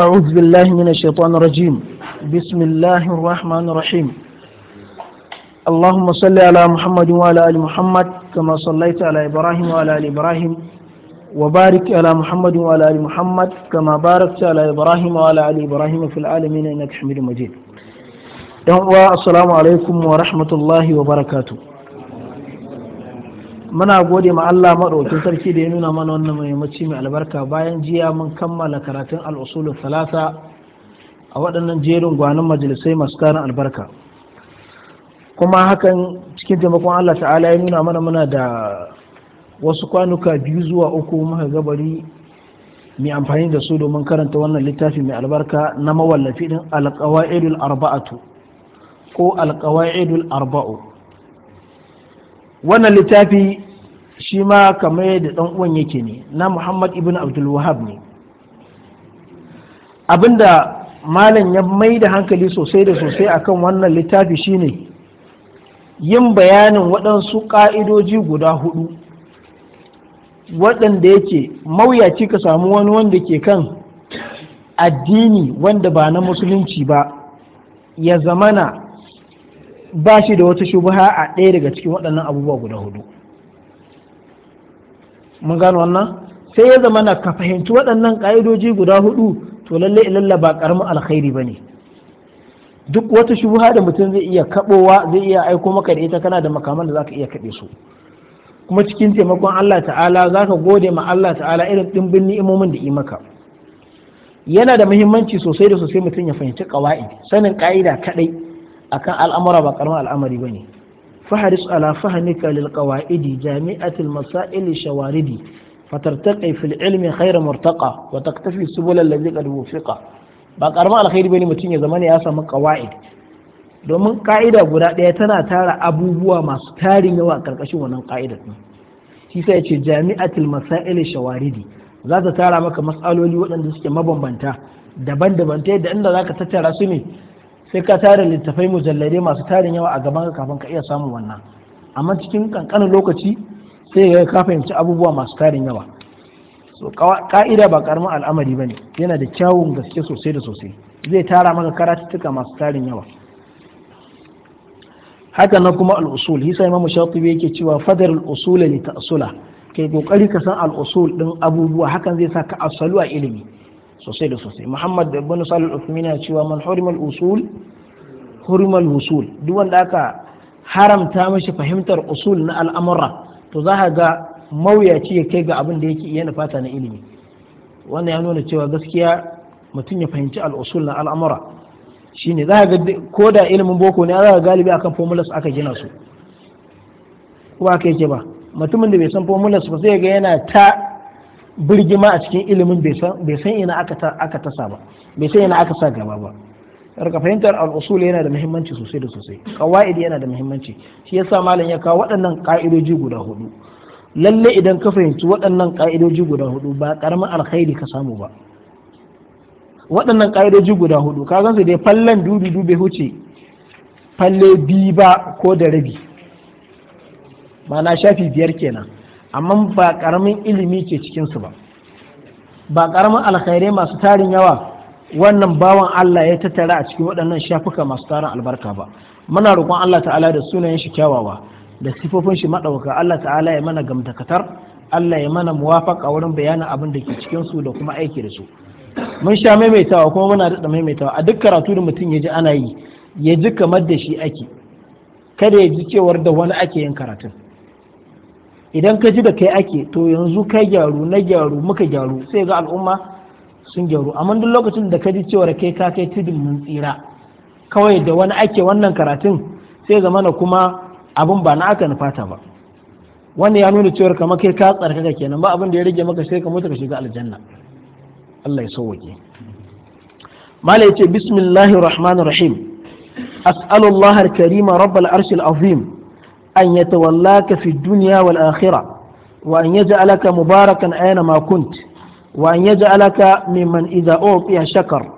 أعوذ بالله من الشيطان الرجيم بسم الله الرحمن الرحيم اللهم صل على محمد وعلى آل محمد كما صليت على إبراهيم وعلى آل إبراهيم وبارك على محمد وعلى آل محمد كما باركت على إبراهيم وعلى آل إبراهيم في العالمين إنك حميد مجيد السلام عليكم ورحمة الله وبركاته muna gode ma Allah maɗaukin sarki da ya nuna mana wannan mahimmanci mai albarka bayan jiya mun kammala karatun al'usulun salasa a waɗannan jerin gwanon majalisai masu karin albarka kuma hakan cikin taimakon Allah ta'ala ya nuna mana muna da wasu kwanuka biyu zuwa uku muka gabari mai amfani da su domin karanta wannan littafi mai albarka na mawallafi ɗin alƙawa'idul arba'atu ko alƙawa'idul arba'u wannan littafi shi ma kamar yadda ɗan uwan yake ne na muhammad ibn abdul wahab ne abinda malam ya mai da hankali sosai da sosai a kan wannan littafi shine yin bayanin waɗansu ƙa'idoji guda hudu waɗanda yake mawuyaci ka samu wani wanda ke kan addini wanda ba na musulunci ba ya zamana ba shi da wata shubha a ɗaya daga cikin waɗannan abubuwa guda hudu mun gano wannan sai ya zama na ka fahimci waɗannan ƙa'idoji guda hudu to lallai lallai ba ƙaramin alkhairi ba ne duk wata shubha da mutum zai iya kaɓowa zai iya aiko maka da ita kana da makaman da zaka iya kaɓe su kuma cikin taimakon Allah ta'ala za ka gode ma Allah ta'ala irin ɗimbin ni'imomin da yi maka yana da muhimmanci sosai da sosai mutum ya fahimci ƙawa'id sanin ƙa'ida kaɗai akan al'amura ba karamin al'amari bane fahris ala fahmika lil qawaidi jami'atil masail shawaridi fatartaqi fil ilmi khayra murtaqa wa taktafi subul alladhi qad wufiqa ba karamin alkhairi bane mutum ya zama ne ya samu qawaid domin ka'ida guda ɗaya tana tara abubuwa masu tarin yawa karkashin wannan ka'ida. shi sai ya ce jami'atil masail shawaridi za ta tara maka matsaloli waɗanda suke mabambanta daban-daban ta yadda inda zaka tattara su ne sai ka tare littafai mujallare masu tarin yawa a gaban kafin ka iya samun wannan amma cikin kankanin lokaci sai ya ka fahimci abubuwa masu tarin yawa so ka'ida ba karamin al'amari bane yana da kyawun gaske sosai da sosai zai tara maka karatuttuka masu tarin yawa haka na kuma al'usul hisa imamu shafi'i yake cewa fadar al'usul li ta'asula kai kokari ka san al'usul din abubuwa hakan zai sa ka asalu a ilimi sosai da sosai muhammad ibn salih al-uthmani ya cewa man hurimal usul hurimal usul duk wanda aka haramta mashi fahimtar usul na al'amura to za ka ga mawuyaci ya kai ga abin da yake iya fata na ilimi wannan ya nuna cewa gaskiya mutum ya fahimci al'usul na al'amura shine za ka ga ko da ilimin boko ne za ka galibi akan formulas aka gina su ko ba ka yake ba mutumin da bai san formulas ba sai ga yana ta birgima a cikin ilimin bai san ina aka tasa ba bai san ina aka sa gaba ba rika fahimtar al'usul yana da muhimmanci sosai da sosai kawai yana da muhimmanci shi yasa malam ya kawo waɗannan ka'idoji guda hudu lalle idan ka fahimci waɗannan ka'idoji guda hudu ba karamin alkhairi ka samu ba waɗannan ka'idoji guda hudu ka gansu dai fallan dubi dubi huce falle bi ba ko da rabi ma'ana shafi biyar kenan amma ba karamin ilimi ke cikinsu ba ba karamin alkhairai masu tarin yawa wannan bawan Allah ya tattara a cikin waɗannan shafuka masu tarin albarka ba muna roƙon Allah ta'ala da sunayen shi kyawawa da sifofin shi maɗauka Allah ta'ala ya mana gamtakatar Allah ya mana muwafaka wurin bayanin abin da ke cikin su da kuma aiki da su mun sha maimaitawa kuma muna daɗa maimaitawa a duk karatu da mutum ya ji ana yi ya ji kamar da shi ake kada ya ji cewar da wani ake yin karatun idan ka ji da kai ake to yanzu ka gyaru na gyaru muka gyaru sai ga al'umma sun gyaru amma duk lokacin da ka ji cewar kai ka kai tudun mun tsira kawai da wani ake wannan karatun sai na kuma abin ba na aka nufata ba Wani ya nuna cewar kamar kai ka tsarkaka kenan ba abin da ya rage maka sai ka mutu ka shiga aljanna Allah ya sauwake mala yace bismillahir rahmanir rahim as'alullahi al-karima rabbal arshil azim أن يتولاك في الدنيا والآخرة وأن يجعلك مباركا أينما كنت وأن يجعلك ممن إذا أعطي شكر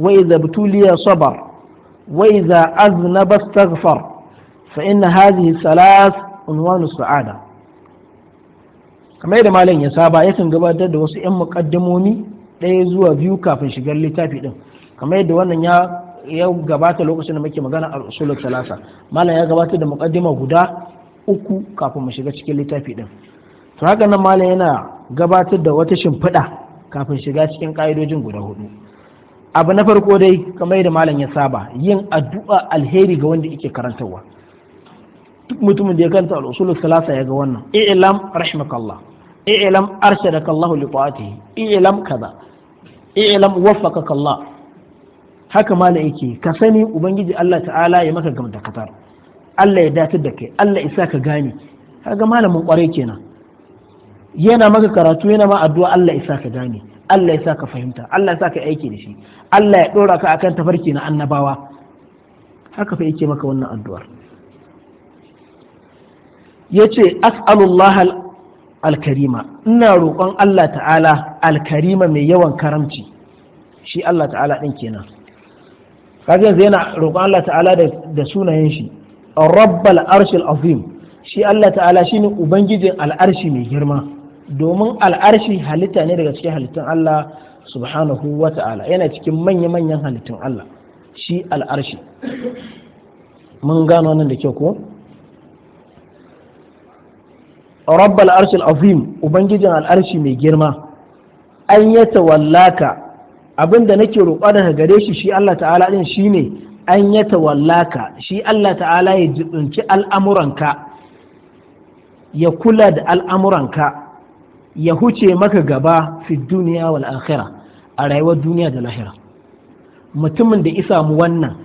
وإذا ابتلي صبر وإذا أذنب استغفر فإن هذه الثلاث عنوان السعادة kamar da malam ya saba yakan gabatar da wasu 'yan muƙaddamomi ɗaya zuwa biyu kafin shigar littafi ɗin kamar yadda wannan ya ya gabata lokacin da muke magana a usulul salasa malam ya gabata da muqaddima guda uku kafin mu shiga cikin littafi din to haka nan malam yana gabatar da wata shimfiɗa kafin shiga cikin ka'idojin guda hudu abu na farko dai kamar yadda malam ya saba yin addu'a alheri ga wanda yake karantarwa duk mutumin da ya karanta al-usul salasa ya ga wannan i'lam rahmakallah i'lam arshadaka li ta'atihi i'lam kaza i'lam waffaqaka kalla. haka malam yake ka sani ubangiji Allah ta'ala ya maka gamta katar Allah ya datar da kai Allah isa ka gane kaga malamin kwarai kenan yana maka karatu yana ma addu'a Allah isa ka gane Allah ya sa ka fahimta Allah ya sa ka aiki da shi Allah ya ɗora ka akan tafarki na annabawa haka fa yake maka wannan addu'ar yace as'alullah al-karima ina roƙon Allah ta'ala al-karima mai yawan karamci shi Allah ta'ala ɗin kenan kaga zai na roƙon Allah ta'ala da sunayen shi rabbal arshil azim shi Allah ta'ala shine ubangijin al'arshi mai girma domin al'arshi halitta ne daga cikin halittun Allah subhanahu wa ta'ala yana cikin manya manyan halittun Allah shi al'arshi mun gano nan da kyau ko rabbal arshil azim ubangijin al'arshi mai girma an yata wallaka abin da nake roƙo daga gare shi shi Allah ta'ala din shine an ya tawallaka shi Allah ta'ala ya jibinci al'amuranka ya kula da al'amuranka ya huce maka gaba fi duniya wal akhira a rayuwar duniya da lahira mutumin da isa mu wannan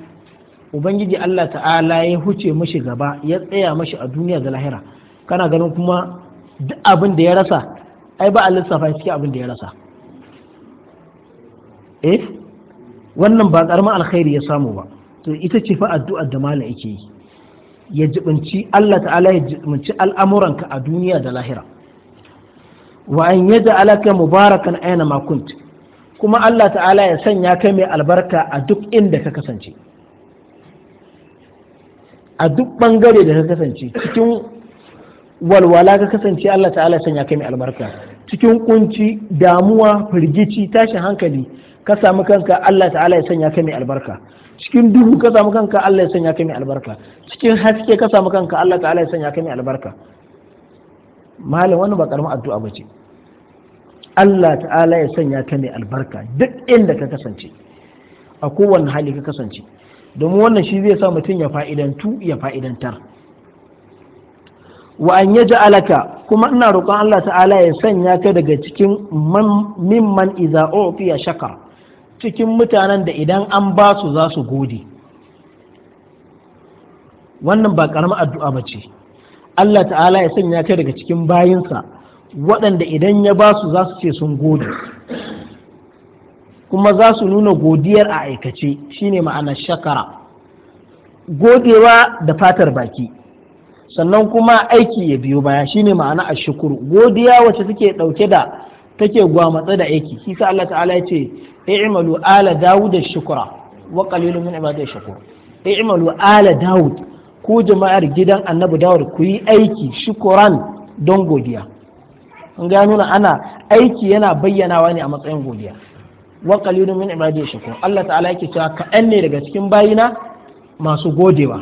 ubangiji Allah ta'ala ya huce mashi gaba ya tsaya mashi a duniya da lahira kana ganin kuma duk abin da ya rasa ai ba a lissafa cikin abin da ya rasa eh wannan ba ƙaramin alkhairi ya samu ba to ita ce fa addu'ar da mala yake yi ya jibinci Allah ta'ala ya jibinci al'amuranka a duniya da lahira wa an yaja alaka mubarakan aina ma kunt kuma Allah ta'ala ya sanya kai mai albarka a duk inda ka kasance a duk bangare da ka kasance cikin walwala ka kasance Allah ta'ala ya sanya kai mai albarka cikin kunci damuwa firgici tashin hankali ka samu kanka Allah ta'ala ya sanya ka mai albarka cikin duhu ka samu kanka Allah ya sanya ka mai albarka cikin haske ka samu kanka Allah ta'ala ya sanya ka mai albarka malam wani ba karamin addu'a ba ce Allah ta'ala ya sanya ka mai albarka duk inda ka kasance a kowane hali ka kasance domin wannan shi zai sa mutum ya fa'idantu ya fa'idantar wa an yaja alaka kuma ina roƙon Allah ta'ala ya sanya ka daga cikin mimman iza fiya shakar cikin mutanen da idan an ba su za su gode wannan ba ƙaramin addu'a ba ce Allah ta'ala ya sanya ta daga cikin bayinsa waɗanda idan ya ba su za su ce sun gode kuma za su nuna godiyar a aikace shine ma'ana shakara godewa da fatar baki sannan kuma aiki ya biyo baya shine ma'ana ashukuru godiya wacce suke ɗauke da take gwamatsa da aiki shi sa Allah ta'ala ya ce i'malu ala dawud shukura wa qalilun min ibadiy shakur i'malu ala dawud ku jama'ar gidan annabi dawud ku yi aiki shukuran don godiya an ga nuna ana aiki yana bayyanawa ne a matsayin godiya wa qalilun min ibadiy shakur Allah ta'ala yake cewa kaɗan ne daga cikin bayina masu godewa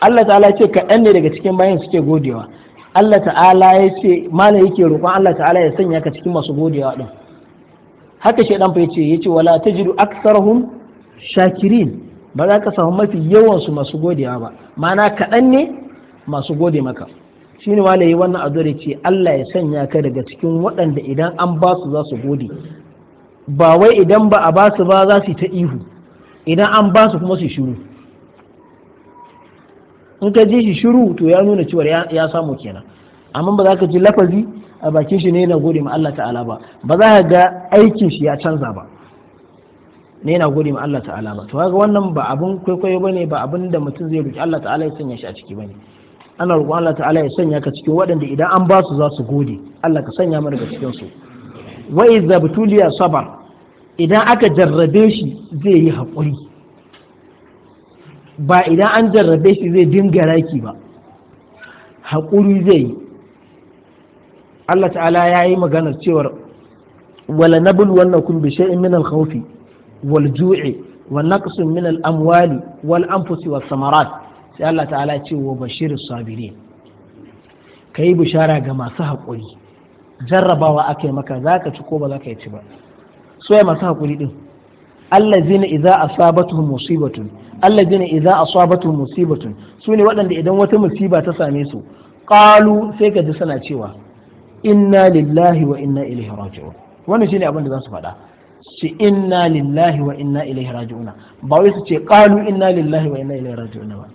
Allah ta'ala ce kaɗan ne daga cikin bayin suke godewa Allah ta'ala ya ce mana yake roƙon Allah ta'ala ya sanya ka cikin masu godewa din haka shaidan fa yace yace wala tajidu aktsarahum shakirin ba za ka samu mafi yawan su masu godewa ba ma'ana kaɗan ne masu gode maka shine wala yi wannan ya ce Allah ya sanya ka daga cikin waɗanda idan an ba su za su gode ba wai idan ba a ba su ba za su ta ihu idan an ba su kuma su shiru in ka ji shi shiru to ya nuna cewa ya samu kenan amma ba za ka ji lafazi a bakin shi ne na gode ma Allah ta'ala ba ba za ka ga aikin shi ya canza ba ne na gode ma Allah ta'ala ba to kaga wannan ba abun kwaikwayo bane ba abun da mutum zai roki Allah ta'ala ya sanya shi a ciki bane ana roƙon Allah ta'ala ya sanya ka cikin waɗanda idan an ba su za su gode Allah ka sanya mana daga cikin su wa idza butuliya sabar idan aka jarrabe shi zai yi haƙuri ba idan an jarrabe shi zai dinga raki ba haƙuri zai yi Allah ta'ala ya yi maganar cewar wala nabul wannan kun bi shay'in min khawfi wal ju'i wa naqsin min al-amwali wal anfusi was samarat sai Allah ta'ala ce wa bashir sabirin kai bishara ga masu haƙuri jarrabawa ake maka zaka ci ko ba zaka ci ba so ya masu haƙuri din allazina idza asabatuhum musibatun alladina idza asabatu musibatun sune waɗanda idan wata musiba ta same su qalu sai ka ji suna cewa inna lillahi wa inna ilaihi raji'un wannan shine abin da za su faɗa ce inna lillahi wa inna ilaihi raji'un ba wai su ce qalu inna lillahi wa inna ilaihi raji'un ba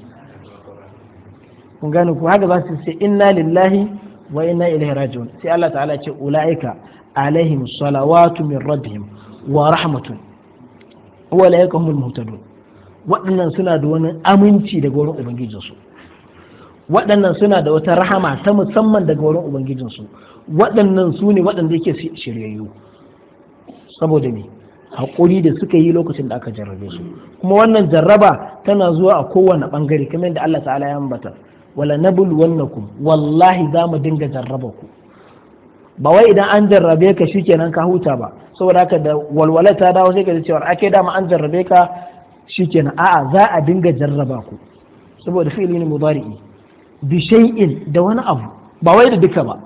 kun gane ko haka za su ce inna lillahi wa inna ilaihi raji'un sai Allah ta'ala ce ulaika alaihim salawatu min rabbihim wa rahmatun ulaika humul muhtadun waɗannan suna da wani aminci daga wurin ubangijinsu waɗannan suna da wata rahama ta musamman daga wurin ubangijinsu waɗannan su ne waɗanda yake shiryayyu saboda me haƙuri da suka yi lokacin da aka jarrabe su kuma wannan jarraba tana zuwa a kowane ɓangare kamar yadda Allah ta'ala ya ambata wala ku. wallahi za mu dinga jarraba ku ba wai idan an jarrabe ka shikenan ka huta ba saboda haka da walwala ta dawo sai ka ji cewa ake dama an jarrabe ka shikenan a'a za a dinga jarraba ku saboda fi'ili ne mudari'i bi shay'in da wani abu ba wai da duka ba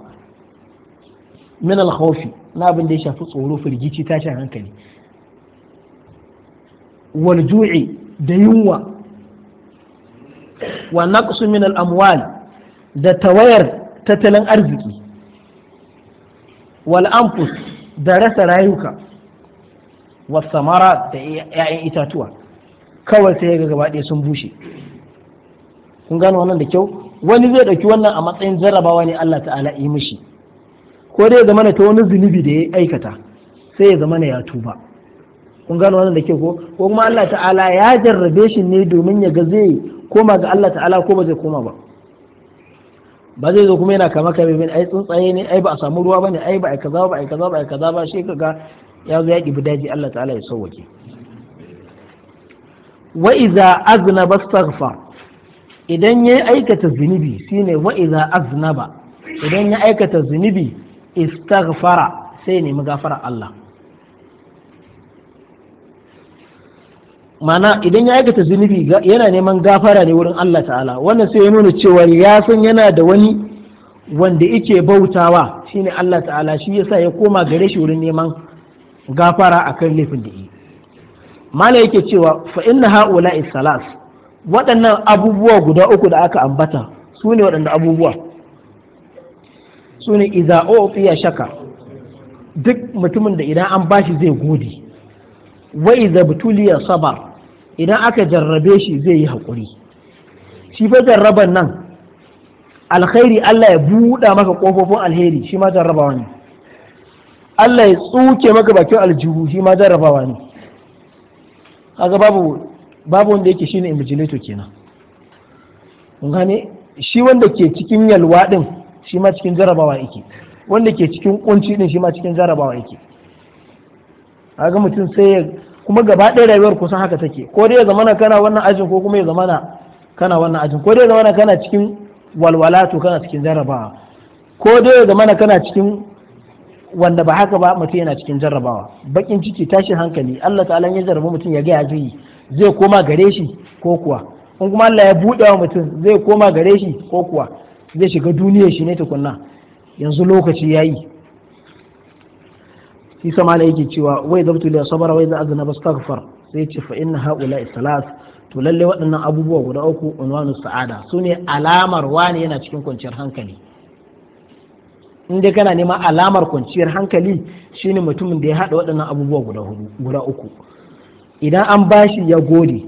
min al khawfi na abin da ya shafi tsoro firgici tashin hankali wal ju'i da yunwa wa naqsu min al amwal da tawayar tattalin arziki wal anfus da rasa rayuka wa samara da 'ya'yan itatuwa kawai sai ga gaba ɗaya sun bushe kun gano wannan da kyau wani zai ɗauki wannan a matsayin jarrabawa ne Allah ta'ala yi mishi ko dai ya zama ta wani zunubi da ya aikata sai ya zama ya tuba kun gano wannan da kyau ko ko kuma Allah ta'ala ya jarrabe shi ne domin ya ga zai koma ga Allah ta'ala ko ba zai koma ba ba zai zo kuma yana kama kame bin ai tsuntsaye ne ai ba a samu ruwa bane ai ba ai kaza ba ai kaza ba ai kaza ba shi kaga ya zo ya kibi daji Allah ta'ala ya sauwake wa iza aznaba astaghfar idan ya aikata zunubi shine wa iza aznaba idan ya aikata zunubi istaghfara sai nemi gafara Allah mana idan ya aikata zunubi yana neman gafara ne wurin Allah ta'ala wannan sai ya nuna cewa ya san yana da wani wanda yake bautawa shine Allah ta'ala shi yasa ya koma gare shi wurin neman gafara akan laifin da yi mala yake cewa fa inna haula salas waɗannan abubuwa guda uku da aka ambata su ne waɗanda abubuwa su ne iza ya shaka duk mutumin da idan an bashi zai gode wa iza butuliya sabar idan aka jarrabe shi zai yi haƙuri shi fa jarraban nan alkhairi Allah ya buɗa maka ƙofofin alheri shi ma jarrabawa ne Allah ya tsuke maka bakin aljihu shi ma jarrabawa ne kaga babu babu wanda yake shine invigilator kenan kun gane shi wanda ke cikin yalwa din shi ma cikin jarabawa yake wanda ke cikin kunci din shi ma cikin jarabawa yake kaga mutum sai ya kuma gaba ɗaya rayuwar kusan haka take ko dai ya zamana kana wannan ajin ko kuma ya zamana kana wannan ajin ko dai ya zamana kana cikin walwala to kana cikin jarabawa ko dai ya zamana kana cikin wanda ba haka ba mutum yana cikin jarrabawa bakin ciki tashin hankali Allah ta'ala ya jarraba mutum ya ga ya zai zai koma gare shi ko kuwa in kuma Allah ya buɗe wa mutum zai koma gare shi ko kuwa zai shiga duniya shi ne tukunna yanzu lokaci yayi shi sama da yake cewa wai zabtu li sabara wai za azna bastaghfar sai ce fa inna haula salas to lalle waɗannan abubuwa guda uku unwanu sa'ada sune alamar wani yana cikin kwanciyar hankali in dai kana nema alamar kwanciyar hankali shine mutumin da ya haɗa waɗannan abubuwa guda guda uku idan an bashi ya gode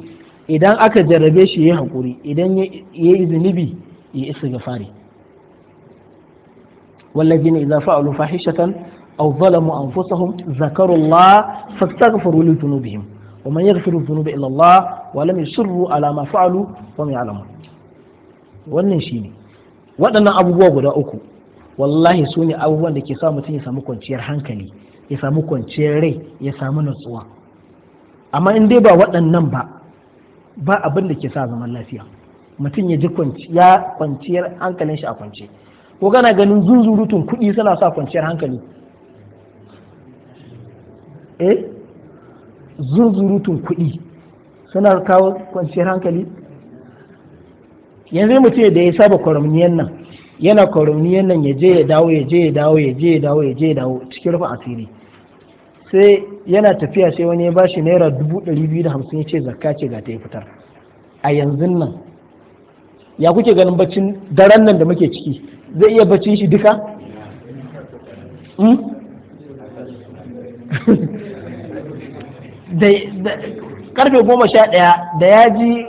idan aka jarrabe shi ya haƙuri idan ya yi zunubi ya isa ga fari. gafari wallazina idza fa'alu fahishatan aw zalamu anfusahum zakarullah fastaghfiru li dhunubihim wa man yaghfiru dhunuba illa Allah wa lam yusirru ala ma fa'alu wa ya'lamun wannan shine waɗannan abubuwa guda uku wallahi su ne abubuwan da ke sa mutum ya samu kwanciyar hankali ya samu kwanciyar rai ya samu nutsuwa amma in dai ba waɗannan ba ba abin da ke sa zaman lafiya mutum ya ji ya kwanciyar hankalin shi a kwance ko gana ganin zunzurutun kuɗi suna sa kwanciyar hankali eh zunzurutun kuɗi suna kawo kwanciyar hankali yanzu mutum da ya saba kwaramniyan nan yana kwarumniyan nan ya je ya dawo ya je ya dawo ya je ya dawo ya je ya dawo cikin rufin asiri sai yana tafiya sai wani ya bashi naira dubu ɗari biyu da hamsin ya ce zakka ce ga ta yi fitar a yanzu nan ya kuke ganin baccin daren nan da muke ciki zai iya baccin shi duka hmm? karfe goma sha ɗaya da ya ji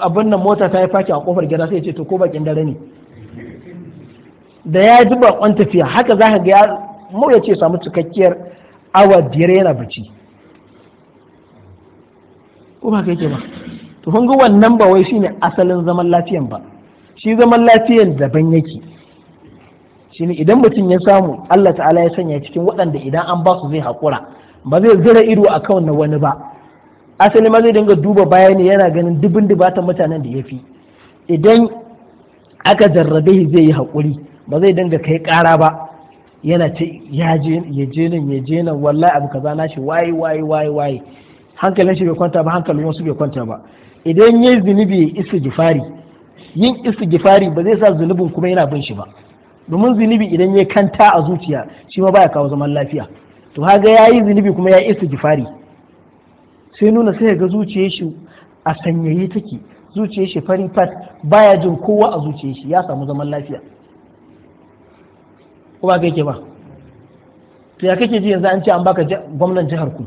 abin nan mota ta yi faki a kofar gida sai ya ce to ko bakin dare ne da ya ji bakon tafiya haka za ka ga ya mu ya ce samu cikakkiyar awa biyar yana bacci ko ba kai ke ba to kun ga wannan ba wai shine asalin zaman lafiyan ba shi zaman lafiyan daban yake shine idan mutum ya samu Allah ta'ala ya sanya cikin waɗanda idan an ba su zai hakura ba zai zira ido a kan na wani ba asali ma zai dinga duba baya ne yana ganin dubin dubatan mutanen da ya fi idan aka jarrabe zai yi haƙuri ba zai dinga kai kara ba yana ce ya je nan ya je nan wallahi abu kaza na shi wayi wayi wayi wayi hankalin shi bai kwanta ba hankalin wasu bai kwanta ba idan ya yi zunubi gifari yin gifari ba zai sa zunubin kuma yana bin shi ba domin zunubi idan ya kanta a zuciya shi ma baya kawo zaman lafiya to haga ya yi zunubi kuma ya isa gifari sai nuna sai ga zuciyar shi a sanyaye take zuciyar shi fari fat baya jin kowa a zuciyar shi ya samu zaman lafiya ko ba ka yake ba to ya kake ji yanzu an ce an baka gwamnan jihar ku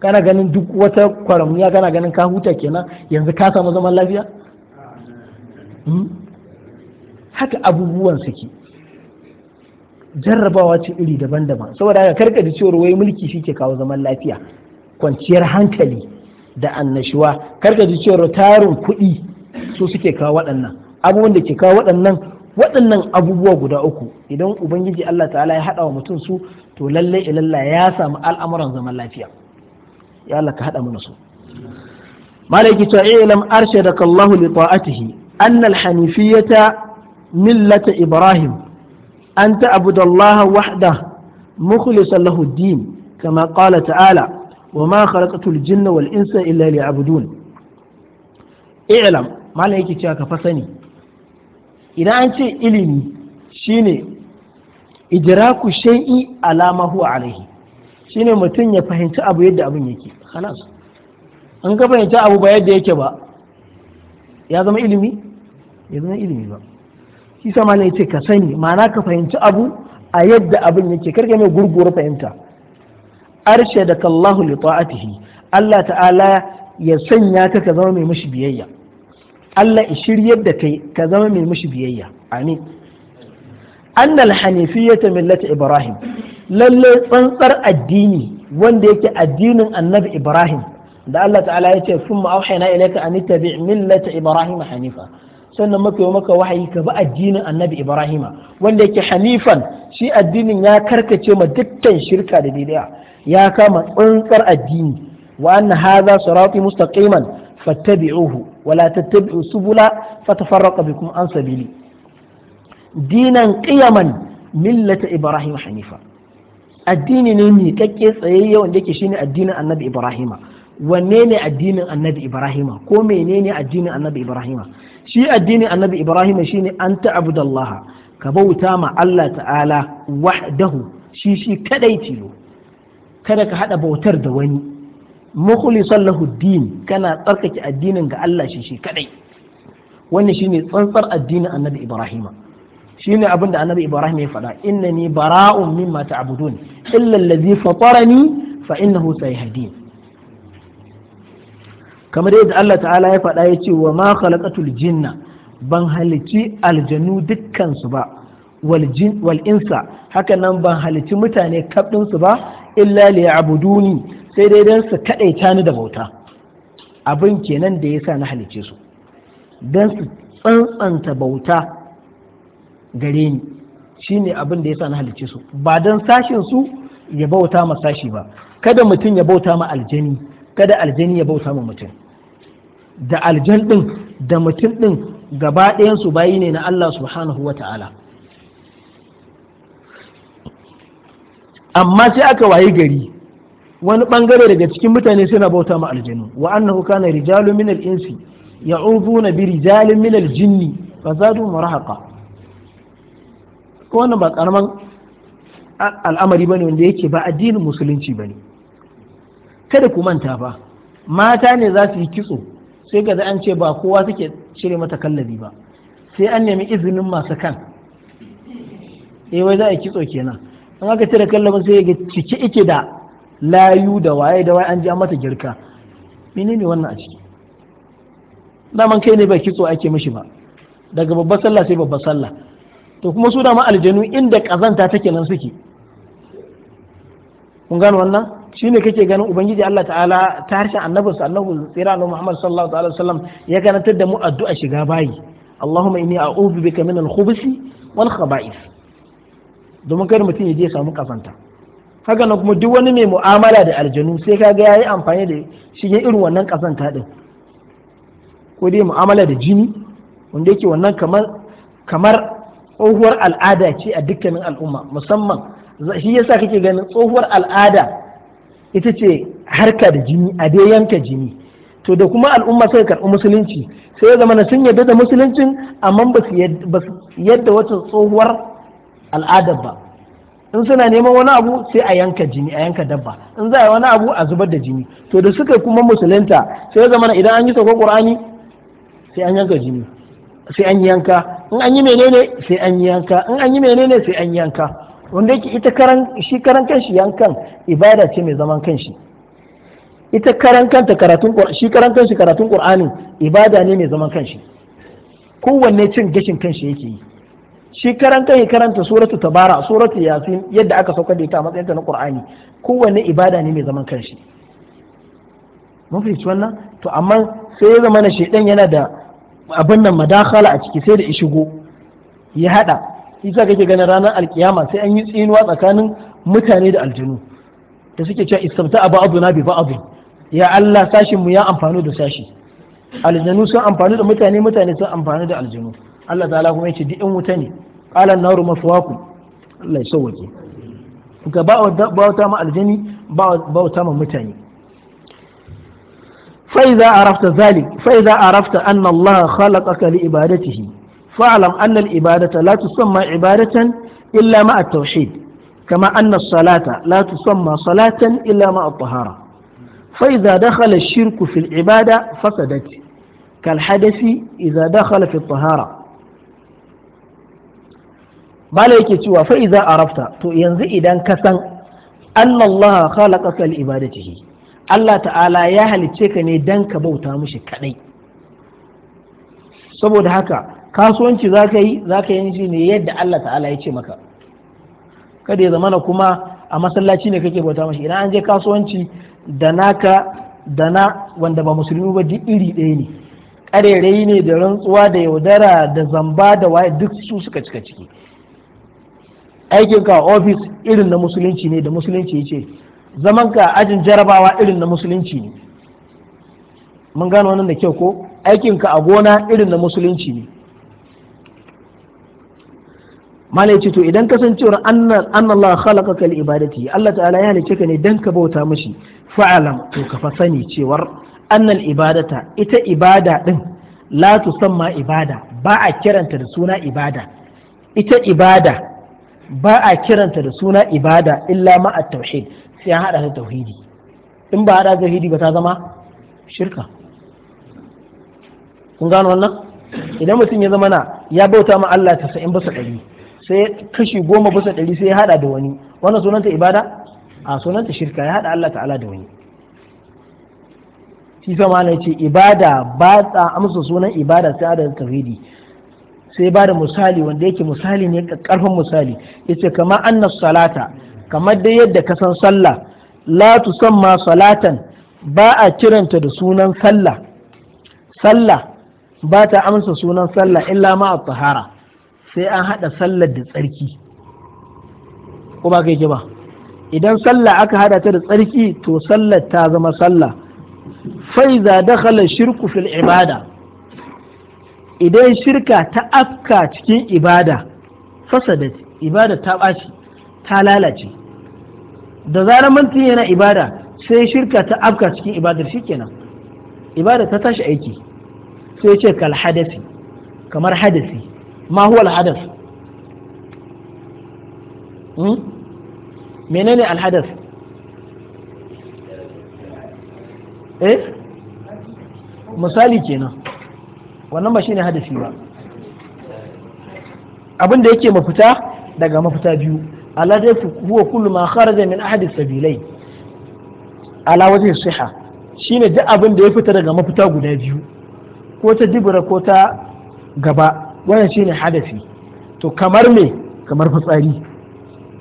kana ganin duk wata kwaramniya kana ganin ka huta kenan yanzu ka samu zaman lafiya hmm? haka abubuwan suke jarrabawa ce iri daban-daban saboda haka da cewar wai mulki shi ke kawo zaman lafiya kwanciyar hankali da annashuwa da cewar tarin kuɗi su suke kawo waɗannan abubuwan da ke kawo waɗannan waɗannan abubuwa guda uku idan ubangiji Allah ta'ala ya haɗa wa mutum su to lalle ilalla ya samu al'amuran zaman lafiya ya Allah ka haɗa mana su malaki ta eh, arshe da kallahu li ta'atihi an al millata ibrahim an ta'budu Allah wahdah mukhlishan lahu din kama qala ta'ala وما خلقت الجن والإنس إلا ليعبدون اعلم ما عليك تشاك فسني idan an ce ilimi shine idraku shay'i alama huwa alaihi shine mutum ya fahimci abu yadda abin yake khalas an ga fahimci abu ba yadda yake ba ya zama ilimi ya zama ilimi ba shi sama ne ce ka sani ma'ana ka fahimci abu a yadda abin yake karka mai gurguwar fahimta arshe da kallahu li ta'atihi Allah ta'ala ya sanya ka ka zama mai mashi biyayya Allah shiryar da kai ka zama mai mushi biyayya amin annal hanifiyata millata ibrahim lalle tsantsar addini wanda yake addinin annabi ibrahim da Allah ta'ala ya ce sun ma'auhaina ilaika an tabi millata ibrahim hanifa sannan maka yi maka wahayi ka bi addinin annabi ibrahim wanda yake hanifan shi addinin ya karkace ma dukkan shirka da bid'a ya kama tsantsar addini wa anna hadha sirati mustaqiman fattabi'uhu wala tattabi'u subula fatafarraqa bikum an sabili dinan qiyaman millata ibrahim hanifa addini ne mai kakke tsayayye wanda yake shine addinin annabi ibrahima wanne ne addinin annabi ibrahima ko menene addinin annabi ibrahima shi addinin annabi ibrahima shine an ta'budallaha ka bauta ma Allah ta'ala wahdahu shi shi kadai tilo kada ka haɗa bautar da wani mukhlisan lahu din kana tsarkake addinin ga Allah shi shi kadai wannan shine tsantsar addinin annabi Ibrahim shine abin da annabi Ibrahim ya faɗa innani bara'un mimma ta'budun illa allazi fatarani fa innahu sayhadin kamar yadda Allah ta'ala ya faɗa ya ce wa ma khalaqatul jinna ban halici aljanu dukkansu ba wal insa hakanan ban halici mutane kaɗinsu ba illa liya'buduni sai dai don su kaɗaita ni da bauta abin kenan da ya sa na halice su don su tsantsanta bauta gare ni shine abin da ya sa na halice su ba don sashin su ya bauta ma sashi ba kada mutum ya bauta ma aljani kada aljani ya bauta ma mutum da aljan ɗin da mutum ɗin gaba ɗayansu bayi ne na Allah subhanahu wa ta'ala amma sai aka wayi gari wani bangare daga cikin mutane suna bauta ma aljanu wa annahu kana rijalun min al-insi ya'uduna bi rijalin min al-jinni zadu marahaqa ko wannan ba karaman al'amari bane wanda yake ba addinin musulunci bane kada ku manta ba. mata ne za su yi kitso sai ga an ce ba kowa suke cire mata kallabi ba sai an nemi izinin masu kan eh wai za a yi kitso kenan an aka cire kallabin sai ya ga cike ike da layu da waye da waye an ji an mata girka menene wannan a ciki daman kai ne ba kitso ake mishi ba daga babbar sallah sai babbar sallah to kuma su dama aljanu inda kazanta take nan suke kun gano wannan shine kake ganin ubangiji Allah ta'ala ta harshen annabi sallallahu tsira annabi Muhammad sallallahu alaihi wasallam ya karantar da mu addu'a shiga bayi Allahumma inni a'udhu bika min al-khubuthi wal khaba'ith domin kar mutum ya je samu kazanta haka nan kuma duk wani mai mu'amala da aljanu sai ka kaga yayi amfani da shi shige irin wannan kasan din ko dai mu'amala da jini wanda yake wannan kamar kamar tsohuwar al'ada ce a dukkanin al'umma musamman shi yasa kake ganin tsohuwar al'ada ita ce harka da jini a dai yanka jini to da kuma al'umma sai karɓi musulunci sai ya zama na sun yadda da musuluncin amma ba su yadda wata tsohuwar al'adar ba in suna neman wani abu sai a yanka jini a yanka dabba in za a wani abu a zubar da jini to da suka kuma musulunta sai zama idan an yi sakon qur'ani sai an yanka jini sai an yanka in an yi menene sai an yanka in an yi menene sai an yanka wanda yake ita karan shi karan kanshi yankan ibada ce mai zaman kanshi ita karan kanta karatun shi karan kanshi karatun qur'ani ibada ne mai zaman kanshi kowanne cin gashin kanshi yake yi shi karan kai karanta suratu tabara suratu yasin yadda aka sauka da ita a matsayinta na qur'ani kowanne ibada ne mai zaman kanshi mun fahimci wannan to amma sai ya zama na shedan yana da abin nan madakhala a ciki sai da ya shigo. ya hada sa kake ganin ranar alkiyama sai an yi tsinuwa tsakanin mutane da aljinu da suke cewa istamta na bi abu. ya Allah sashin mu ya amfani da sashi aljinu sun amfani da mutane mutane sun amfani da aljinu Allah ta'ala kuma yace duk in wuta ne qala an-naru maswaakum Allah ya sauke ka ba bauta ma aljani ba bauta ma mutane فإذا عرفت ذلك فإذا عرفت أن الله خلقك لعبادته فاعلم أن العبادة لا تسمى عبادة إلا مع التوحيد كما أن الصلاة لا تسمى صلاة إلا مع الطهارة فإذا دخل الشرك في العبادة فسدت كالحدث إذا دخل في الطهارة mala yake cewa fa iza arafta to yanzu idan ka san Allah khalaqa kal ibadatihi Allah ta'ala ya halicce ka ne dan ka bauta mushi kadai saboda haka kasuwanci za ka yi za ka yi ne yadda Allah ta'ala ya ce maka kada ya zamana kuma a masallaci ne kake bauta mashi idan an je kasuwanci da naka da na wanda ba musulmi ba duk iri ɗaya ne ƙarerai ne da rantsuwa da yaudara da zamba da waye duk su suka cika ciki aikinka a ofis irin na musulunci ne da musulunci ya ce zamanka a ajin jarabawa irin na musulunci ne mun gano wannan da kyau ko aikinka a gona irin na musulunci ne mala ce to idan kasancewar an Allah khalaqa kal ibadati Allah ta'ala ya halice ka ne dan ka bauta mishi fa'alam to ka fa sani cewar annal ibadata ita ibada din la tusamma ibada ba a kiranta da suna ibada ita ibada ba a kiranta da suna ibada illa ma at tauhid sai an haɗa ta tauhidi in ba haɗa tauhidi ba ta zama shirka kun gano wannan idan mutum ya zama na ya bauta ma Allah ta sa'in basa ɗari sai kashi goma basa ɗari sai ya haɗa da wani wannan sunanta ibada a sunanta shirka ya haɗa Allah ta'ala da wani shi sama na ce ibada ba ta amsa sunan ibada sai da tauhidi sai ba da misali wanda yake misali ne karfin misali yace kama anna salata kamar dai yadda ka san sallah la tusamma salatan ba a kiranta da sunan sallah sallah ba ta amsa sunan sallah illa ma tahara sai an hada sallar da tsarki ko ba kai ba idan sallah aka hada ta da tsarki to sallar ta zama sallah faiza dakhala shirku fil ibada idan shirka ta afka cikin ibada fasadat ibada ta ɓaci ta lalace da zarar mantin yana ibada sai shirka ta afka cikin ibadar shikenan ibada ta tashi aiki sai ce kal hadasi kamar hadasi ma huwa al hadas hmm? menene al hadas eh misali kenan wannan ba shi ne hadisi ba abin da yake mafita daga mafita biyu ala dai huwa kullu ma kharaja min ahadi sabilai ala wajhi siha shine duk abin da ya fita daga mafita guda biyu ko ta dibira ko ta gaba wannan shine hadasi to kamar me kamar fitsari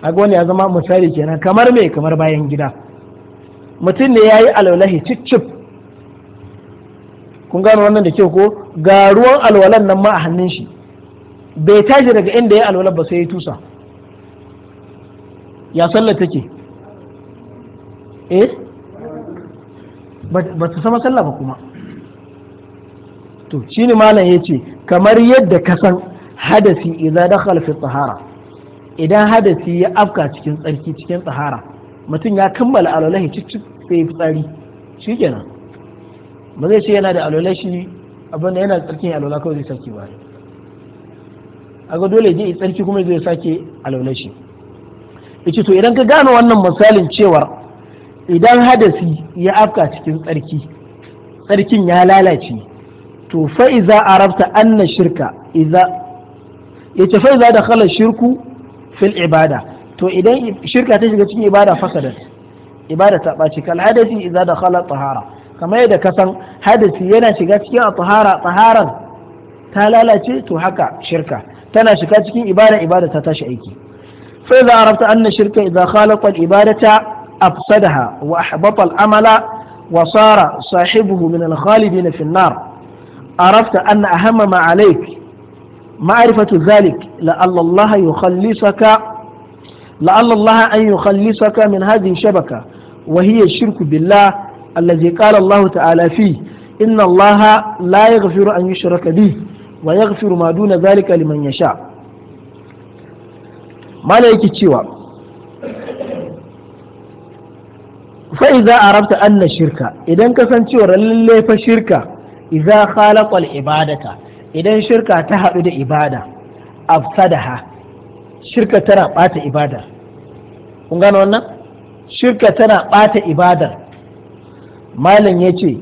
kaga wani ya zama misali kenan kamar me kamar bayan gida mutum ne yayi alwalahi ciccip kun gano wannan da kyau ko ga ruwan alwalan nan ma a hannun shi bai tashi daga inda ya alwalan ba sai ya tusa ya sallar take eh ba ta sama sallah ba kuma to shi ne malam ya ce kamar yadda ka san hadasi idan dakhala fi tsahara idan hadasi ya afka cikin tsarki cikin tsahara mutum ya kammala alwalahi cicci sai fitsari shikenan ba zai ce yana da alwala shi abin da yana tsarkin alwala kawai zai sake ba ga dole je tsarki kuma zai sake alwala shi ce to idan ka gano wannan misalin cewar idan hadasi ya afka cikin tsarki tsarkin ya lalace to fa'iza iza arabta anna shirka iza ce fa'iza da kala shirku fil ibada to idan shirka ta shiga cikin ibada fasadat ibada ta ɓaci kal hadasi iza kala tahara kamar yadda kasan san hadisi yana shiga cikin a tahara ta lalace to haka shirka tana shiga cikin ibada ibada ta tashi aiki fa idza arafta anna shirka idza khalaqa ibadata afsadaha wa ahbata amala wa sara sahibuhu min al-khalidin fi an-nar arafta anna ahamma ma alayk zalik ذلك لعل الله يخلصك لعل الله أن يخلصك من هذه الشبكة وهي allazi qala Allah ta'ala fi inna Allah ma duna zalika liman yasha mala yake cewa fa idza arabta anna shirka idan kasancewar lalle fa shirka idza khalaqa ibadata idan shirka ta hadu da ibada shirka tana bata ibada kun wannan shirka tana bata ibadar malam ya ce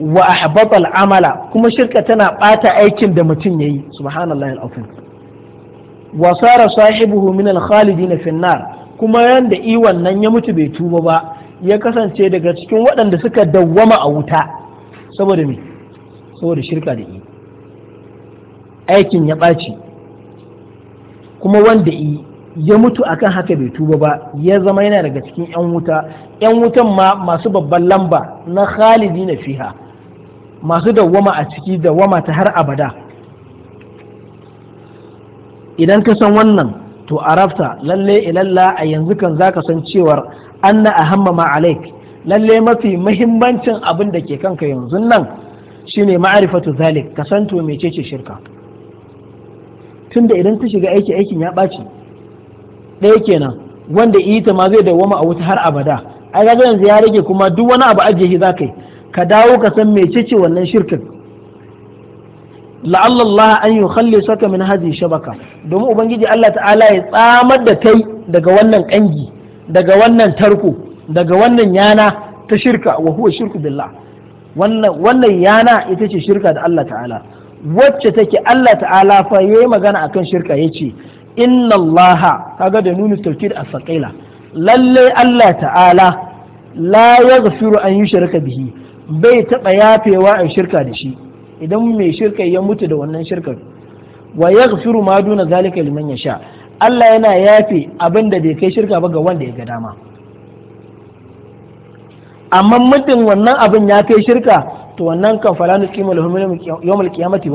wa ahbatal amala kuma shirka tana ɓata aikin da mutum yayi yi subhanallah al'afin wa sara sahibuhu min al-khalidin fi nar kuma yanda i wannan ya mutu bai tuba ba ya kasance daga cikin waɗanda suka dawwama a wuta saboda me saboda shirka da i aikin ya ɓaci kuma wanda i ya mutu akan haka bai tuba ba ya zama yana daga cikin 'yan wuta 'yan wutan ma masu babban lamba na khalidi na fiha masu dawwama a ciki dawwama ta har abada idan ka san wannan to arafta lalle ilalla a yanzu kan zaka san cewar anna ahamma ma alaik lalle mafi mahimmancin abin da ke kanka yanzu nan shine ma'arifatu zalik ka san to mecece shirka tunda idan ta shiga aiki aikin ya ɓaci ɗaya kenan wanda ita ma zai dawwama a wuta har abada ai kaga yanzu ya rage kuma duk wani abu ajiye shi zakai ka dawo ka san mecece wannan shirkin an yi an saka min hazi shabaka domin ubangiji Allah ta'ala ya tsamar da kai daga wannan kangi daga wannan tarko daga wannan yana ta shirka wa huwa shirku billah wannan wannan yana ita ce shirka da Allah ta'ala wacce take Allah ta'ala fa yayi magana akan shirka yace inna allaha kaga da nuna tawkid a saqila lalle Allah ta'ala la yaghfiru an yi yushraka bihi bai taba yafewa a shirka da shi idan mai shirka ya mutu da wannan shirkar wa yaghfiru ma duna zalika liman sha? Allah yana yafe abin da bai kai shirka ba ga wanda ya ga dama amma mutum wannan abin ya kai shirka to wannan kan fala nuqimu lahum yawmal qiyamati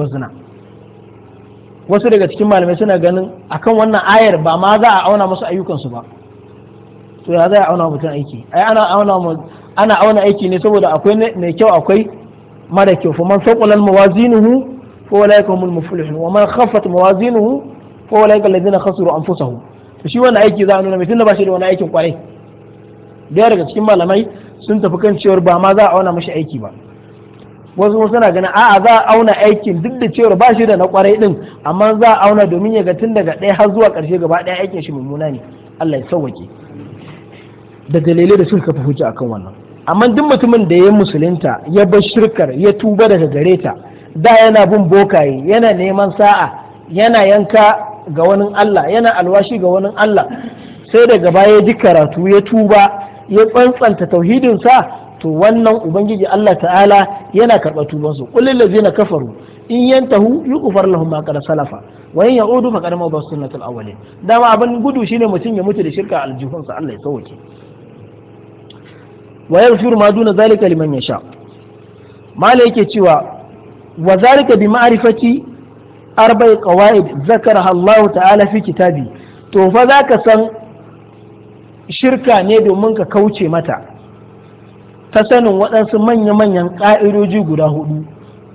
wasu daga cikin malamai suna ganin akan wannan ayar ba ma za a auna musu ayyukansu ba to ya za a auna mutum aiki ai ana auna ana auna aiki ne saboda akwai mai kyau akwai mara kyau fa man al mawazinuhu fa ulaika humul muflihun wa man khaffat mawazinuhu fa ulaika alladhina khasiru anfusahum to shi wannan aiki za a nuna mai da ba shi da wani aikin kwarai da daga cikin malamai sun tafi kan cewar ba ma za a auna mashi aiki ba wasu wasu na ganin a'a za a auna aikin duk da cewa ba shi da na kwarai din amma za a auna domin ya ga tun daga ɗaya har zuwa ƙarshe gaba ɗaya aikin shi mummuna ne Allah ya sauwake da dalilai da suka kafa hujja akan wannan amma duk mutumin da ya musulunta ya bar shirkar ya tuba daga gare ta da yana bin bokaye yana neman sa'a yana yanka ga wani Allah yana alwashi ga wani Allah sai daga baya ya ji karatu ya tuba ya tsantsanta tauhidinsa to wannan ubangiji Allah ta'ala yana karɓar tubansu kullum lazina kafaru in yantahu yughfar lahum ma qad salafa wa in ya'udu faqad mawdu sunnatul awwalin dama abin gudu shine mutum ya mutu da shirka aljihun sa Allah ya sauke wa yaghfiru ma duna zalika liman yasha mala yake cewa wa zalika bi ma'rifati arba'i qawaid zakaraha Allah ta'ala fi kitabi to fa zaka san shirka ne domin ka kauce mata ta sanin waɗansu manya-manyan ƙa’iroji guda hudu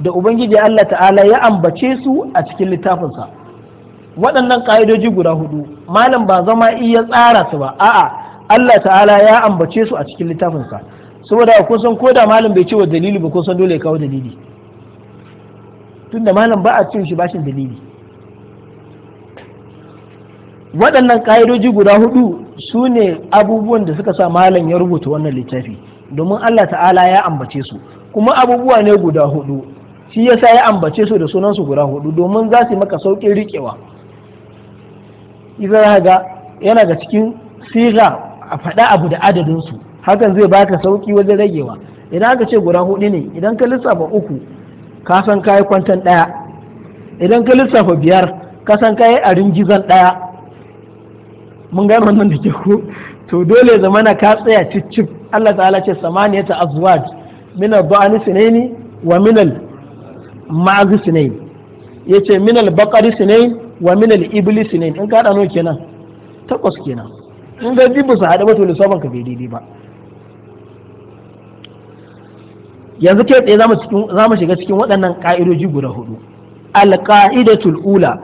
da ubangiji Allah ta'ala ya ambace su a cikin littafinsa waɗannan ƙa'idoji guda hudu malam ba zama iya tsara su ba a'a Allah ta'ala ya ambace su a cikin littafinsa saboda kun san ko da malam bai ce wa dalili ba kun san dole ya kawo dalili tunda malam ba a cin shi bashin dalili waɗannan ƙa'idoji guda hudu su ne abubuwan da suka sa malam ya rubuta wannan littafi domin Allah ta'ala ya ambace su kuma abubuwa ne guda hudu shi yasa ya ambace su da sunansu guda hudu domin za su maka sauƙin riƙewa idan ga yana ga cikin siga a faɗa abu da adadin su hakan zai baka sauƙi wajen ragewa idan aka ce guda hudu ne idan ka lissafa uku ka san kayi kwantan ɗaya idan ka lissafa biyar ka san kayi a ringizan ɗaya mun gano wannan da ke ko to dole na ka tsaya cicif Allah ta'ala ce ta azwaj minal baani sunaini wa minal ma'azi mazi sunaini ce min al-baqari wa minal Ibili ibli sunaini in ka dano kenan takwas kenan in ga jibu su haɗe ba to lissafin ka bai daidai ba yanzu kai tsaye za mu shiga cikin waɗannan ƙa'idoji guda hudu al-qa'idatul ula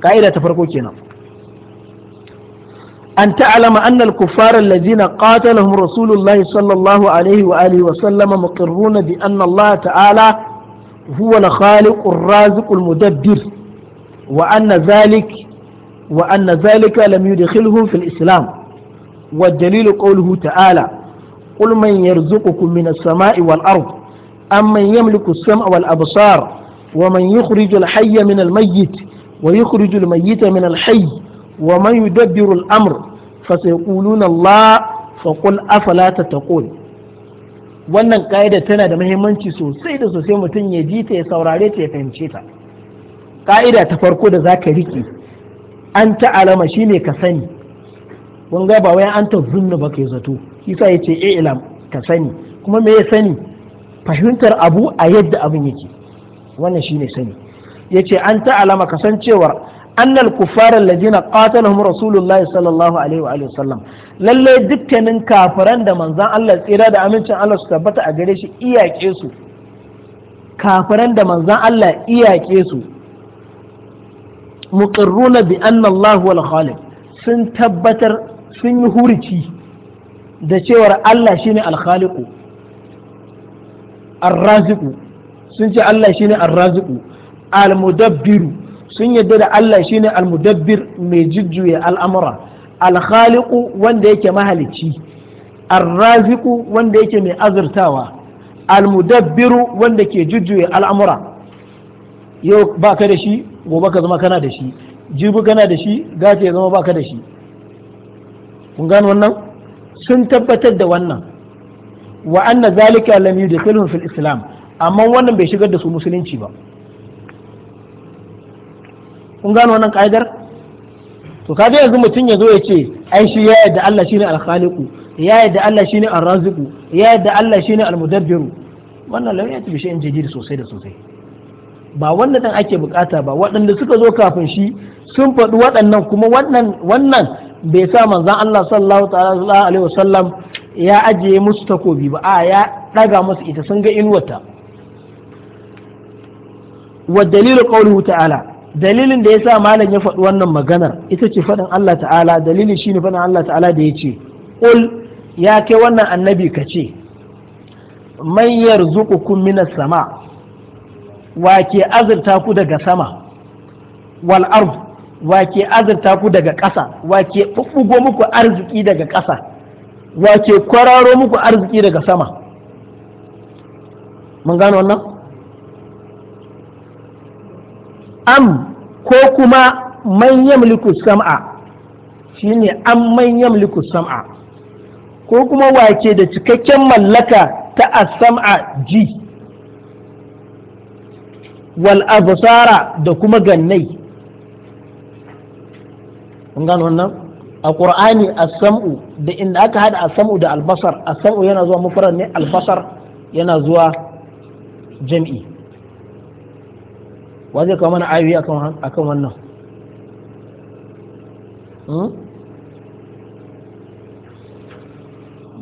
ƙa'ida ta farko kenan أن تعلم أن الكفار الذين قاتلهم رسول الله صلى الله عليه وآله وسلم مقرون بأن الله تعالى هو الخالق الرازق المدبر وأن ذلك وأن ذلك لم يدخلهم في الإسلام والدليل قوله تعالى قل من يرزقكم من السماء والأرض أم من يملك السمع والأبصار ومن يخرج الحي من الميت ويخرج الميت من الحي ومن يدبر الأمر فسيقولون الله فقل fa تتقون wannan kaida tana da muhimmanci sosai da sosai mutum ya ji ta ya saurare ta ya fahimce ta ka'ida ta farko da zaka rike an ta'alama shine ka sani kun ga ba wai an zunnu ba kai zato kisa yace e ilam ka sani kuma me ya sani fahimtar abu a yadda abin yake wannan shine sani yace an ta'alama kasancewar annal kuffara alladhina qatalahum rasulullahi sallallahu alaihi wa sallam lalle dukkanin kafiran da manzon Allah tsira da amincin Allah su tabbata a gare shi iyake su kafiran da manzon Allah iyake su muqirruna bi anna Allah wal khaliq sun tabbatar sun yi hurici da cewar Allah shine al khaliqu sun ce Allah shine ar raziqu sun yadda da Allah shine almudabbir mai jujjuya al'amura alhaliku wanda yake mahalicci arraziku wanda yake mai azurtawa almudabbiru wanda ke jujjuya al'amura yau ba ka da shi gobe ka zama kana da shi kana da shi ya zama ba ka da shi kun gano wannan sun tabbatar da wannan wa anna zalika lam da fil islam amma wannan bai shigar da su musulunci ba kun gano wannan ka'idar to kaje yanzu mutum ya zo ya ce ai shi ya yadda Allah shine al-khaliqu ya yadda Allah shine ar-raziqu ya yadda Allah shine al-mudabbiru wannan lauya ta bishe in jidid sosai da sosai ba wannan dan ake bukata ba waɗanda suka zo kafin shi sun faɗi waɗannan kuma wannan wannan bai sa manzon Allah sallallahu ta'ala alaihi wasallam ya ajiye musu takobi ba a ya daga musu ita sun ga inuwata wa dalilu qawluhu ta'ala dalilin da ya sa malam ya faɗi wannan maganar ita ce faɗin Allah ta'ala dalili ne faɗin Allah ta'ala da ya ce ƙul ya kai wannan annabi ka ce manyar yarzuqukum minas sama wa ke azurta ku daga sama wal wa ke azurta ku daga ƙasa wa ke ɓuɓɓugo muku arziki daga ƙasa wa ke kwararo muku arziki daga sama mun gano wannan am ko kuma manyan yamliku sam'a ne an manyan sam'a ko kuma wake da cikakken mallaka ta a sama ji wal absara da kuma gannai kun gano wannan a ƙur'ani, a samu da inda aka haɗa a samu da albasar, a samu yana zuwa mufrad ne albasar yana zuwa jam'i wa zai kawo mana ayoyi akan hmm? wannan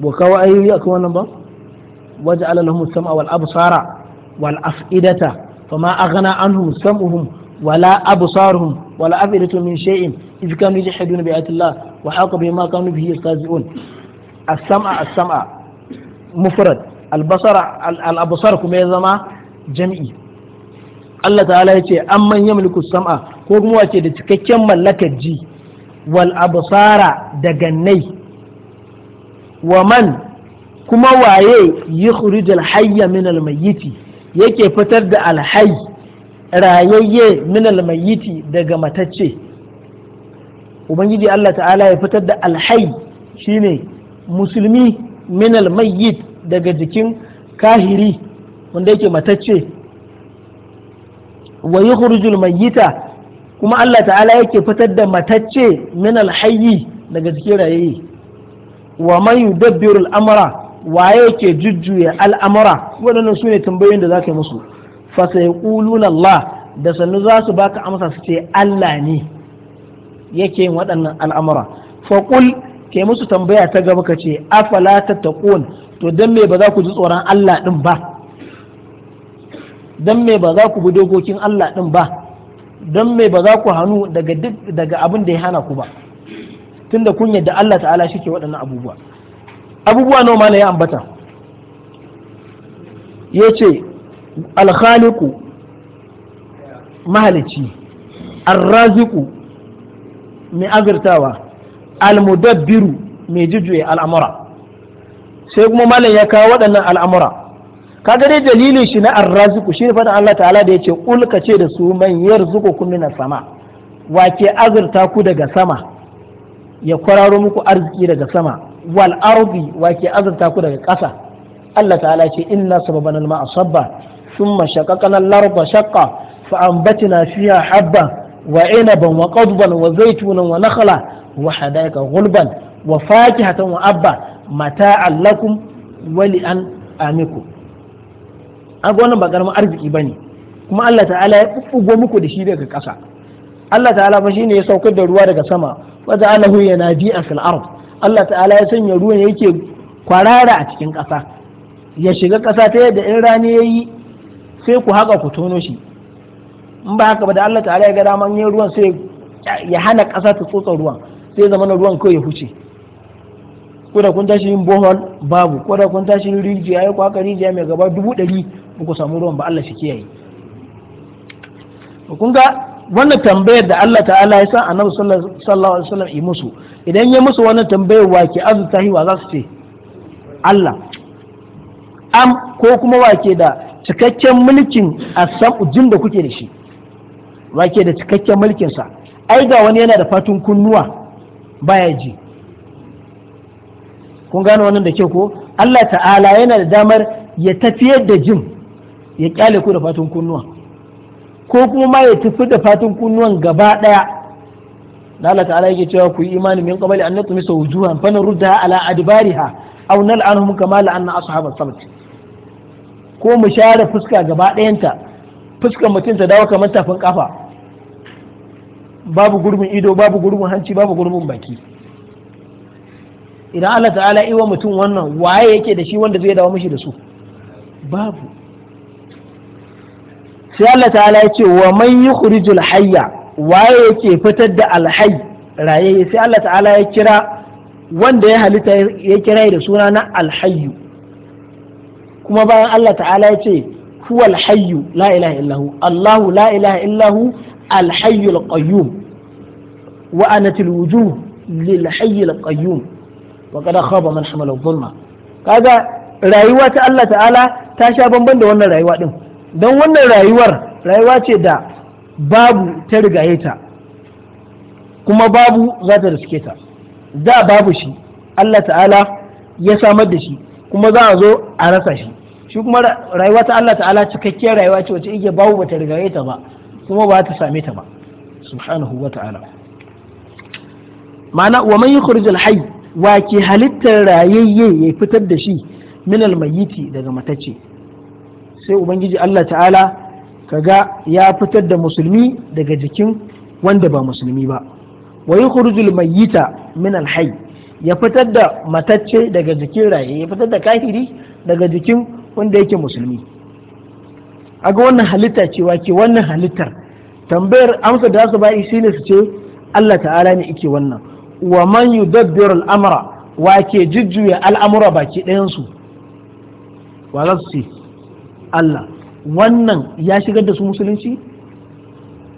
ba kawo ayoyi wannan ba waje alalahun sam'a wal absara wal af'idata fama an anhum sam'uhum wala absaruhum wala af'idatu min shay'in idh kanu yajhaduna bi ayati Allah wa haqa ma kanu bihi yastahzi'un as-sam'a as-sam'a mufrad kuma ya zama jam'i Allah ta'ala ya ce an manyan mulkus sam'a ko kuma wace da cikakken mallakar ji wal absara da gannai wa man kuma waye yukhrijul hayya min al yake fitar da al hayy rayayye min al mayyiti daga matacce ubangiji Allah ta'ala ya fitar da al hayy shine musulmi min al daga jikin kahiri wanda yake matacce wa hurjul mayyita kuma Allah ta'ala yake fitar da matacce min alhayyi daga cikin rayayi wa man yudabbiru al'amra waye yake jujjuya al'amara? waɗannan sune tambayoyin da ka yi musu fa sayquluna Allah da sannu za su baka amsa su ce Allah ne yake yin waɗannan al'amura fa qul ke musu tambaya ta gaba ka ce afala tattaqun to dan me ba za ku ji tsoron Allah din ba don me ba za ku bi dokokin Allah ɗin ba don me ba za ku hannu daga duk abin da ya hana ku ba tunda kun yadda Allah ta'ala shi ke waɗannan abubuwa abubuwa nawa ya ambata ya ce alkhaliku mahalici arraziku mai azurtawa almudabbiru mai jujjuya al'amura sai kuma malam ya kawo waɗannan al'amura ga dai dalilin shi na arraziku shi ne faɗin Allah ta'ala da yace kul ce da su man yarzuqukum minas sama wa ke azurta ku daga sama ya kwararo muku arziki daga sama wal ardi wa ke azurta ku daga ƙasa Allah ta'ala ce inna sababana al-ma'a sabba thumma shaqaqna al-arda shaqqa fa anbatna fiha wa inaban wa qadban wa zaytunan wa nakhla wa hadaika gulban wa fakihatan wa abba mata'an lakum wa an amikum an ga wannan ba karamin arziki ba ne kuma Allah ta'ala ya bubbugo muku da shi daga ƙasa Allah ta'ala fa ne ya saukar da ruwa daga sama wa ja'alahu bi fil ard Allah ta'ala ya sanya ruwan yake kwarara a cikin ƙasa ya shiga ƙasa ta yadda in rani yayi sai ku haka ku tono shi in ba haka ba da Allah ta'ala ya ga daman yin ruwan sai ya hana ƙasa ta tsotsa ruwan sai zama na ruwan kai ya huce ko da kun tashi yin bohol babu ko da kun tashi yin rijiya ya kwaka rijiya mai gaba dubu ɗari ku samu ruwan ba Allah shi kiyaye kun ga wannan tambayar da Allah ta'ala ya san annabi sallallahu alaihi wasallam yi musu idan ya musu wannan tambayar wa ke azuta wa za su ce Allah am ko kuma wa ke da cikakken mulkin ujin da kuke da shi wa ke da cikakken mulkin sa ai ga wani yana da fatun kunnuwa baya ji kun gano wannan da ke ko Allah ta'ala yana da damar ya tafiyar da jin ya kyale ku da fatun kunnuwa ko kuma ma ya tafi da fatun kunnuwan gaba daya da Allah ta'ala yake cewa ku yi imani min qabli an natmisa sawjuhan fa naruddaha ala adbariha aw nal'anhum kama la'anna ashabas sabt ko mu share fuska gaba dayanta fuskar mutum ta dawo kamar tafin kafa babu gurbin ido babu gurbin hanci babu gurbin baki idan Allah ta'ala iwa mutum wannan waye yake da shi wanda zai dawo mishi da su babu sai Allah ta'ala ya ce wa man yi yukhrijul hayya waye yake fitar da alhayy raye sai Allah ta'ala ya kira wanda ya halitta ya kira da suna na alhayyu kuma bayan Allah ta'ala ya ce huwa alhayyu la ilaha illahu Allahu la ilaha illahu alhayyul qayyum wa anatil wujuh lil hayyil qayyum wa qad khaba man hamala dhulma kaga rayuwa ta Allah ta'ala ta sha bamban da wannan rayuwa din don wannan rayuwar rayuwa ce da babu ta rigaye ta kuma babu za ta riske ta da babu shi Allah ta'ala ya samar da shi kuma za a zo a rasa shi shi kuma rayuwa ta Allah ta'ala cikakkiyar rayuwa ce wacce ike babu bata rigaye ta ba kuma ba ta same ta ba subhanahu wa ta'ala ma'ana wa man yukhrijul hayy wa ke halittar rayayye ya fitar da shi min al-mayyiti daga matacce sai ubangiji Allah ta'ala kaga ya fitar da musulmi daga jikin wanda ba musulmi ba wa yukhrijul mayyita min alhayy ya fitar da matacce daga jikin raye ya fitar da kahiri daga jikin wanda yake musulmi aga wannan halitta cewa ke wannan halittar tambayar amsa da su bayi shine su ce Allah ta'ala ne yake wannan wa man yudabbiru al'amura? wa ke jujjuya al'amura baki ɗayan su wa za su ce Allah wannan ya shigar da su musulunci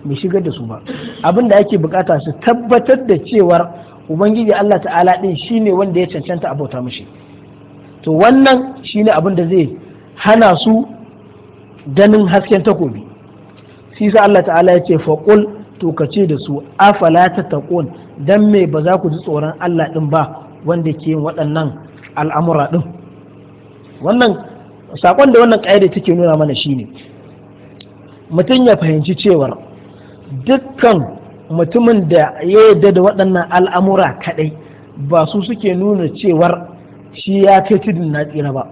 bai shigar da su ba abin da ake bukata su tabbatar da cewar ubangiji Allah ta'ala din shine wanda ya cancanta abota mashi. to wannan shine abin da zai hana su ganin hasken takobi shi sa Allah ta'ala ya ce faqul to ce da su afala tattaqun dan me ba za ku ji tsoron Allah din ba wanda ke yin waɗannan al'amura din wannan sakon da wannan ƙa'ida take nuna mana shine mutum ya fahimci cewar dukkan mutumin da ya yarda da waɗannan al'amura kaɗai ba su suke nuna cewar shi ya kai tudun na tsira ba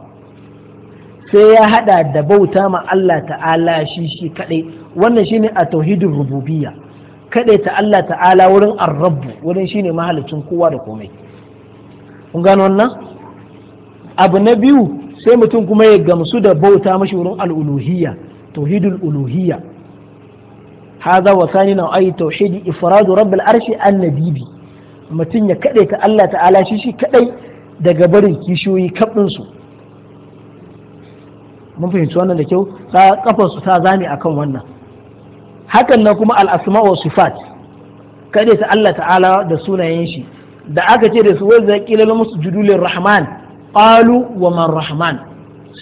sai ya haɗa da bauta ma Allah ta'ala shi shi kaɗai wannan shine a tauhidin rububiyya kaɗai ta Allah ta'ala wurin arrabu wurin shine mahalicin kowa da komai kun gano abu na biyu sai mutum kuma ya gamsu da bauta mashi wurin al'uluhiyya tauhidul uluhiyya Haza wa sani na ayi tauhidi ifradu rabbil arshi annabibi mutum ya kaɗai ta Allah ta'ala shi shi kaɗai daga barin kishiyoyi kabin su mun fahimci wannan da kyau ta kafar ta zame akan wannan hakan nan kuma al asma wa sifat kaɗai ta Allah ta'ala da sunayen shi da aka ce da su ya zaqila musu judulin rahman qalu wa man rahman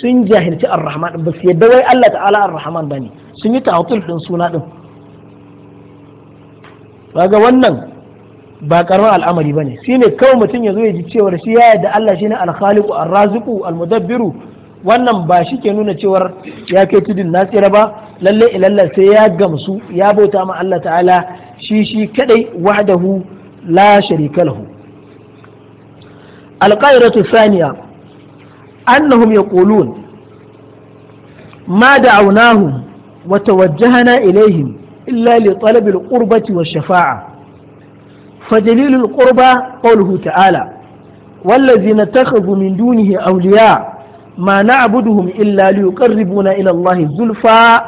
sun jahilci ar-rahman ba su yadda wai Allah ta'ala ar-rahman bane sun yi ta'atul din suna din kaga wannan ba karamar al'amari bane shine kawai mutum ya zo ya ji cewar shi ya yadda Allah shine al-khaliqu ar-raziqu al-mudabbiru wannan ba shi ke nuna cewar ya kai tudun nasira ba lalle ilalla sai ya gamsu ya bauta ma Allah ta'ala shi shi kadai wahdahu la sharika lahu القاعدة الثانية أنهم يقولون ما دعوناهم وتوجهنا إليهم إلا لطلب القربة والشفاعة فدليل القربة قوله تعالى والذين اتخذوا من دونه أولياء ما نعبدهم إلا ليقربونا إلى الله زلفى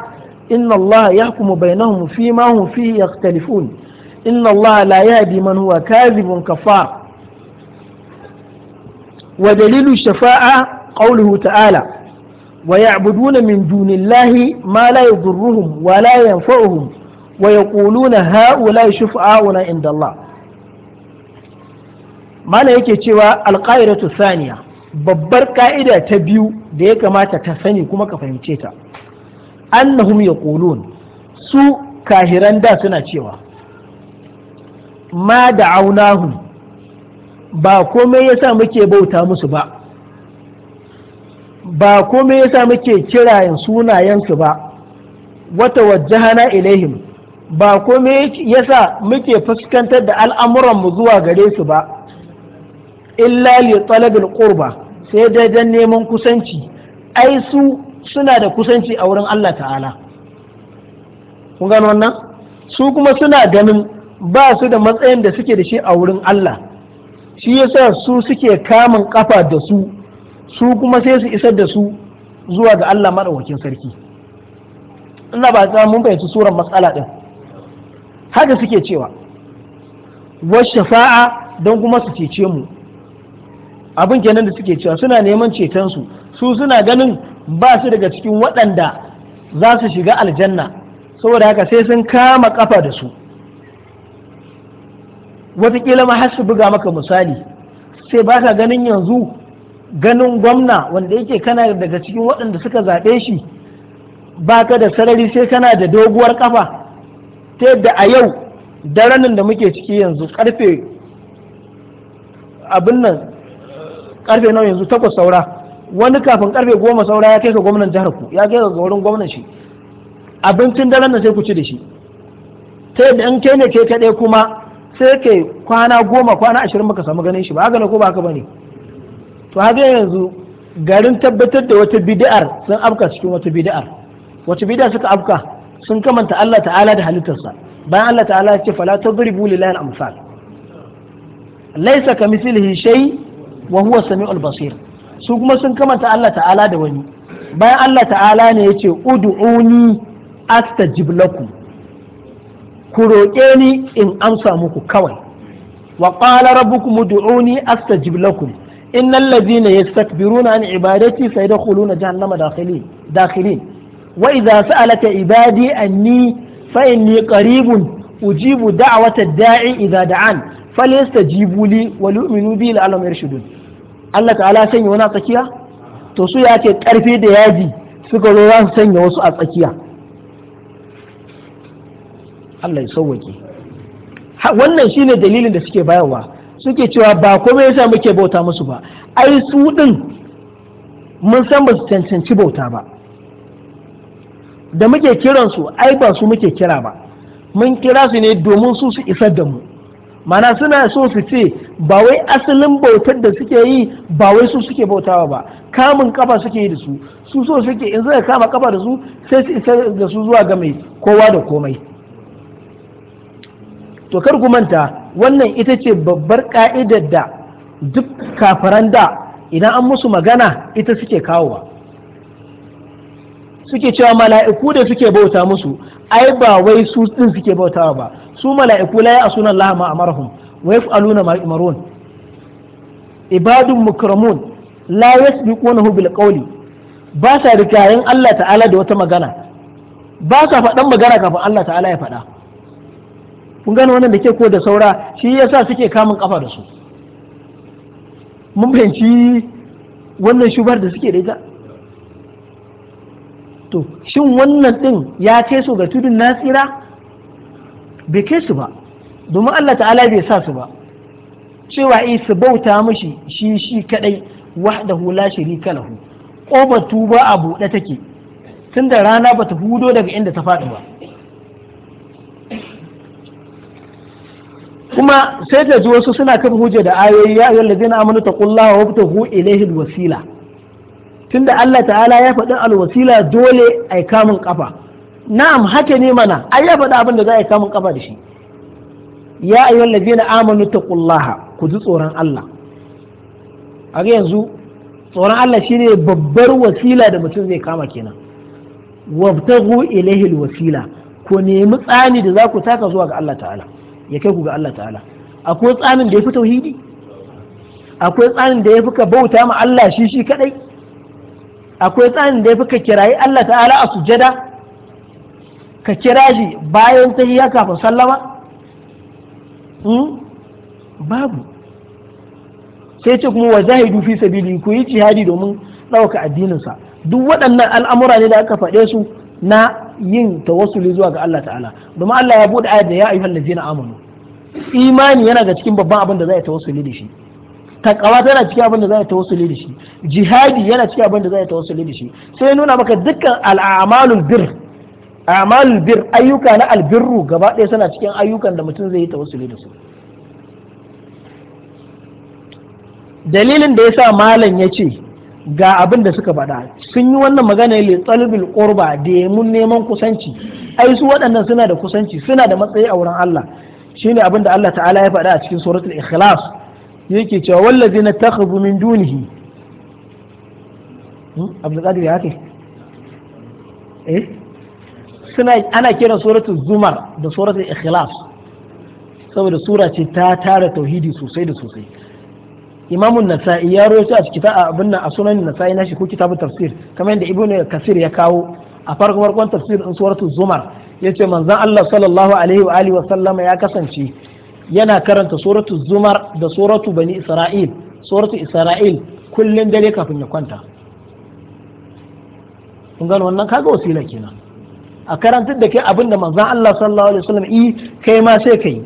إن الله يحكم بينهم فيما هم فيه يختلفون إن الله لا يهدي من هو كاذب كفار wa dalilu shafa'a qawluhu ta'ala wa ya'buduna min dunillahi ma la yadurruhum wa la yanfa'uhum wa yaquluna ha'ula'i shufa'a'una indallah mana yake cewa alqaidatu Saniya babbar ka'ida ta biyu da ya kamata ka sani kuma ka fahimce ta annahum yaqulun su kahiran da suna cewa ma da'awnahum ba komai yasa muke bauta musu ba ba komai yasa muke kirayen sunayensu ba wata wajahana ilaihim ba komai yasa muke fuskantar da al'amuranmu zuwa gare su ba illa li talabil qurba sai dai dan neman kusanci ai su suna da kusanci a wurin Allah ta'ala kun gano wannan su kuma suna ganin ba su da matsayin da suke da shi a wurin Allah shi yasa su suke kamun kafa da su su kuma sai su isar da su zuwa ga Allah madaukakin sarki ina ba ta mun bayyaci suran matsala din haka suke cewa wa shafa'a don kuma su cece mu abin kenan da suke cewa suna neman ceton su su suna ganin ba su daga cikin waɗanda za su shiga aljanna saboda haka sai sun kama kafa da su watakila ma har su buga maka misali sai ba ka ganin yanzu ganin gwamna wanda yake kana daga cikin waɗanda suka zaɓe shi ba ka da sarari sai kana da doguwar kafa ta yadda a yau daren da muke ciki yanzu karfe abin nan karfe nawa yanzu takwas saura wani kafin karfe goma saura ya kai ga gwamnan jihar ku ya kai ga wurin gwamnan shi abincin daren nan sai ku ci da shi ta yadda in kai ne kai kaɗai kuma sai kai kwana goma kwana ashirin baka samu ganin shi ba haka ko ba haka bane to haka yanzu garin tabbatar da wata bid'ar sun afka cikin wata bid'ar wata bid'a suka afka sun kamanta Allah ta'ala da halittarsa bayan Allah ta'ala ya ce fala tadribu lillahi al-amsal laysa kamithlihi shay wa huwa samiul basir su kuma sun kamanta Allah ta'ala da wani bayan Allah ta'ala ne ya ce ud'uni astajib lakum ku roƙe ni in amsa muku kawai wa qala rabbukum ud'uni astajib lakum innal ladhina yastakbiruna an ibadati sayadkhuluna jahannama dakhilin dakhilin wa idza alaka ibadi anni fa inni qaribun ujibu da'wata da'i idza da'an falyastajibu li wa yu'minu bi la'allahum yarshudun Allah ta'ala sanya wani a tsakiya to su ya ce karfi da yaji suka zo za su sanya wasu a tsakiya Allah ya sauwake wannan shine dalilin da suke bayarwa suke cewa ba komai yasa muke bauta musu ba ai su din mun san ba su cancanci bauta ba da muke kiransu ai ba su muke kira ba mun kira su ne domin su su isar da mu mana suna so su ce ba wai asalin bautar da suke yi ba wai su suke bautawa ba kamun kafa suke yi da su su so suke in zai kama kafa da su sai su isar da su zuwa ga mai kowa da komai to kar ku manta wannan ita ce babbar ka'idar da duk kafaran da idan an musu magana ita suke kawowa suke cewa mala'iku da suke bauta musu ai ba wai su din suke bautawa ba su mala'iku la ya sunan Allah ma amarhum wa yaf'aluna ma yumarun ibadun mukramun la yasbiqunahu bil qawli ba sa rikayen Allah ta'ala da wata magana ba sa faɗan magana kafin Allah ta'ala ya faɗa kun gano wannan da ke ko da saura shi yasa suke kamun kafa da su mun fahimci wannan shubar da suke da ita to shin wannan din ya ce su ga tudun nasira bai kai su ba domin Allah ta'ala bai sa su ba cewa yi su bauta mashi shi shi kadai hula shiri sharika lahu ƙobar tuba a buɗe take tunda rana bata hudo daga inda ta faɗi ba kuma sai ta ji wasu suna kan hujja da ayoyi ya na ladina amanu kulla wa hu ilayhi wasila. tunda Allah ta'ala ya faɗi alwasila dole a yi kamun kafa na'am haka ne mana ai ya faɗi abin da za a yi kamun kafa da shi ya na ladina amanu kulla ku ji tsoron Allah a yanzu tsoron Allah shine babbar wasila da mutum zai kama kenan wabtagu ilayhi wasila ku nemi tsani da za ku taka zuwa ga Allah ta'ala ya kai ku ga Allah ta'ala akwai tsanin da ya fi tauhidi akwai tsanin da ya fi ka bauta ma Allah shi shi kadai akwai tsanin da ya fi ka kirayi Allah ta'ala a sujada ka kira shi bayan ta hiya kafin sallama hmm? babu sai ce kuma wa zahidu fi sabili ku yi jihadi domin ɗauka addininsa duk waɗannan al'amura ne da aka faɗe su na yin tawassuli zuwa ga Allah ta'ala domin Allah ya buɗe ayat da ya ayyuhal ladzina amanu imani yana ga cikin babban abin da za a tawassuli da shi takawa tana cikin abin da za a tawassuli da shi jihadi yana cikin abin da za a tawassuli da shi sai nuna maka dukkan al'amalul bir amalul bir ayyuka na albirru gaba ɗaya suna cikin ayyukan da mutum zai yi tawassuli da su dalilin da yasa malam ya ce ga abin da suka faɗa sun yi wannan magana ne tsalbil qurba da mun neman kusanci ai su waɗannan suna da kusanci suna da matsayi a wurin Allah shine abin da Allah ta'ala ya faɗa a cikin suratul ikhlas yake cewa wallazina takhudhu min dunihi hmm? abdul qadir ya ce eh suna ana kiran suratul zumar da suratul ikhlas saboda sura ce ta tara tauhidi sosai da sosai imamun nasa'i ya rawaito a cikin abin nan a sunan nasa'i na nashi ko kitabun tafsir kamar yadda ibnu kasir ya kawo a farko farkon tafsir in suratul zumar yace manzan Allah sallallahu alaihi wa alihi wa sallama ya kasance yana karanta suratu zumar da suratu bani isra'il suratu isra'il kullum dare kafin ya kwanta kun gano wannan kaga wasila kenan a karantar da kai abinda manzan Allah sallallahu alaihi wasallam yi eh, kai ma sai kai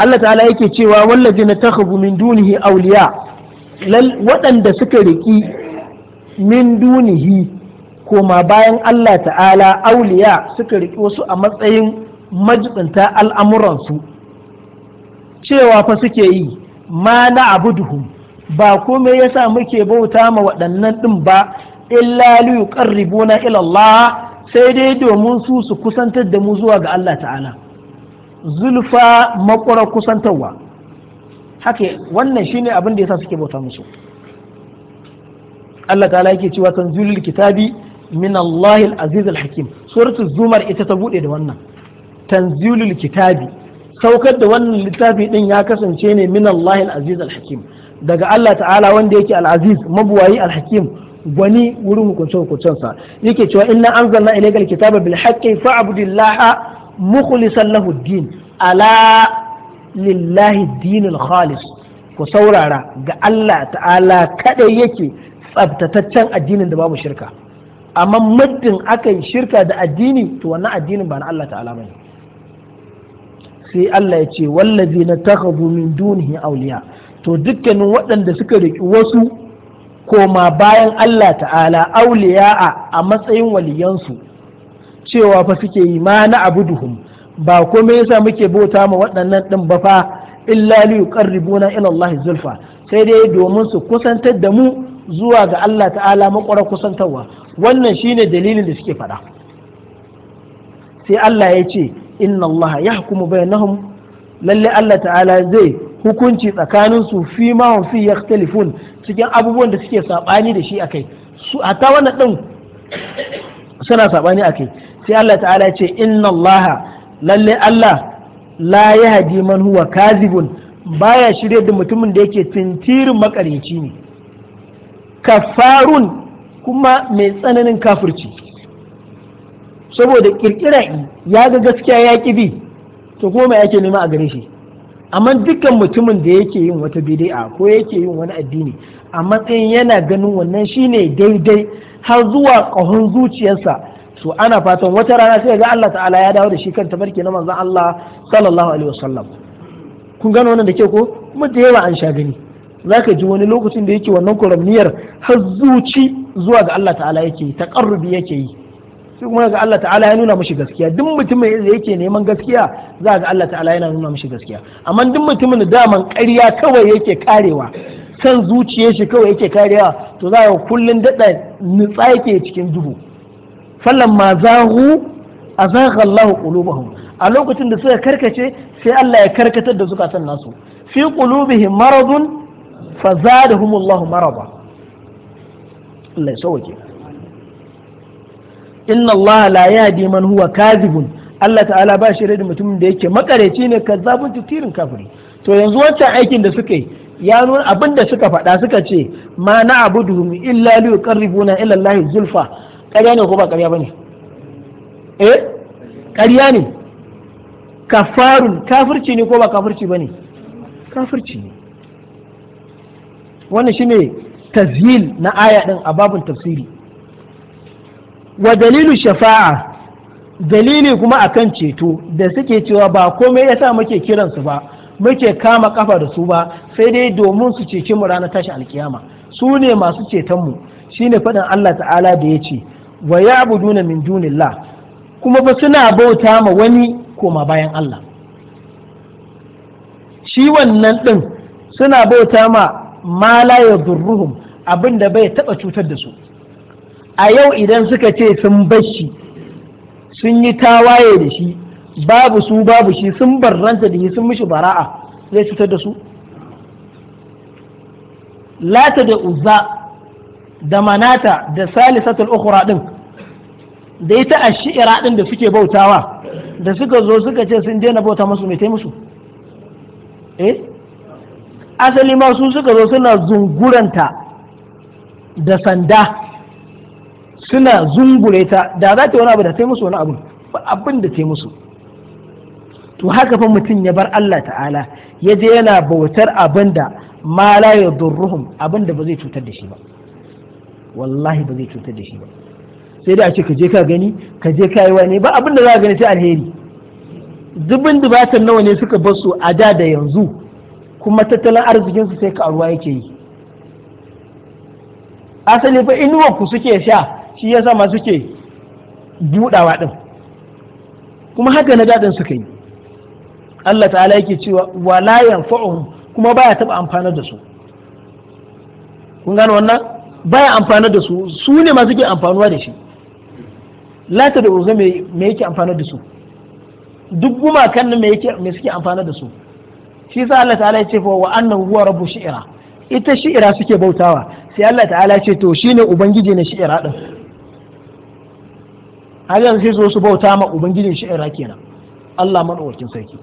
Allah ta'ala yake cewa wallazi na takhabu min dunihi awliya waɗanda suka riƙi min dunihi koma bayan Allah ta'ala auliya suka riki wasu a matsayin majibinta al'amuransu cewa fa suke yi ma na abuduhum ba kome yasa muke bauta ma waɗannan ɗin ba illa liyu ƙarribuna ilallah sai dai domin su su kusantar da mu zuwa ga Allah ta'ala zulfa makwara kusantarwa haka wannan shine abin da sa suke bauta musu Allah ta'ala yake cewa tanzilul kitabi min Allah al-aziz al-hakim suratul zumar ita ta bude da wannan tanzilul kitabi saukar da wannan littafi din ya kasance ne min Allah al-aziz al-hakim daga Allah ta'ala wanda yake al-aziz mabuwayi al-hakim gwani wurin hukunce hukuncensa yake cewa inna anzalna ilayka al-kitaba bil haqqi fa'budillaha mukhlisan lahu din ala lillahi dinul khalis ku saurara ga Allah ta'ala kadai yake tsabtataccen addinin da babu shirka amma muddin aka yi shirka da addini to wannan addinin ba na Allah ta'ala bane sai Allah ya ce wallazi na takhadhu min dunihi awliya to dukkanin waɗanda suka riki wasu koma bayan Allah ta'ala awliya a matsayin waliyansu cewa fa suke yi ma na abuduhum ba komai yasa muke bauta ma waɗannan ɗin ba fa illa li yuqarribuna ila Allah zulfa sai dai domin su kusantar da mu zuwa ga Allah ta'ala makwara kusantarwa wannan shine dalilin da suke faɗa sai Allah ya ce inna Allah yahkumu bainahum lalle Allah ta'ala zai hukunci tsakanin su fi ma hum fi yakhtalifun cikin abubuwan da suke sabani da shi akai su hatta wannan din suna sabani akai sai Allah ta'ala ce inna Allah lalle Allah la yahdi man huwa kazibun baya shirye da mutumin da yake tintirin makaryaci ne kafarun kuma mai tsananin kafirci saboda kirkira ya ga gaskiya ya ki bi to kuma mai yake nema a gare shi amma dukkan mutumin da yake yin wata bid'a ko yake yin wani addini a matsayin yana ganin wannan shine daidai har zuwa ƙahon zuciyarsa so ana fatan wata rana sai ga Allah ta'ala ya dawo da shi kan tabarki na manzon Allah sallallahu alaihi wasallam kun gano wannan da ke ko mu da yawa an sha gani zaka ji wani lokacin da yake wannan kuramniyar har zuci zuwa ga Allah ta'ala yake taqarrubi yake yi sai kuma ga Allah ta'ala ya nuna mishi gaskiya duk mutumin da yake neman gaskiya za ga Allah ta'ala yana nuna mishi gaskiya amma duk mutumin da daman ƙarya kawai yake karewa kan zuciyar shi kawai yake karewa to za ga kullun dada nutsa yake cikin duhu falamma zaghu azagha Allahu qulubahum a lokacin da suka karkace sai Allah ya karkatar da zukatan nasu fi qulubihim maradun fazadahum Allahu marada Allah ya sauke inna Allah la yahdi man huwa kadhibun Allah ta'ala ba shi da mutumin da yake makareci ne kazzabun tutirin kafiri to yanzu wancan aikin da suka yi ya nuna abin da suka faɗa suka ce ma na abuduhum illa liqarribuna ila Allah zulfa ƙarya ne ko ba ƙarya bane eh ƙarya ne kafarun kafirci ne ko ba kafirci bane kafirci ne wannan shi ne tazyil na aya ɗin a babun tafsiri wa dalilu shafa'a dalili kuma a kan ceto da suke cewa ba komai yasa muke kiransu ba muke kama kafa da su ba sai dai domin su ceci mu ranar tashi alkiyama su ne masu cetonmu shine faɗin Allah ta'ala da ya ce wa ya'buduna min dunillah kuma ba suna bauta ma wani koma bayan Allah shi wannan ɗin suna bauta ma ma ruhun abin abinda bai taɓa cutar da su a yau idan suka ce sun bashi sun yi tawaye da shi babu su babu shi sun barranta da shi sun mishi bara'a zai cutar da su lata da uzza da manata da salisatul ukhra din da ita ashira din da suke bautawa da suka zo suka ce sun daina bauta musu mai musu eh asali ma su suka zo suna zunguranta da sanda suna zungure ta da za ta wani abu da taimusu musu wani abu abin da taimusu. to haka fa mutum ya bar Allah ta'ala ya je yana bautar abin da ma la yadurruhum abin ba zai cutar da shi ba wallahi ba zai cutar da shi ba sai da a ce ka je ka gani ka je ka yi wani ba abin da za ka gani sai alheri dubin dubatan nawa ne suka bar su a da da yanzu kuma tattalin arzikin su sai ruwa yake yi asali fa inuwar ku suke sha shi yasa ma suke budawa din kuma haka na dadin suka yi Allah ta'ala yake cewa wala yanfa'uhum kuma baya taba amfanar da su kun gane wannan baya amfana da su su ne masu ke amfanuwa da shi lata da uzo me yake amfana da su duk gumakan nan me suke amfana da su shi sa Allah ta'ala ya ce fa wa annahu huwa rabbu shi'ira ita shi'ira suke bautawa sai Allah ta'ala ce to shine ubangiji na shi'ira din hanyar sai su su bauta ma ubangijin shi'ira kenan Allah madaukakin sarki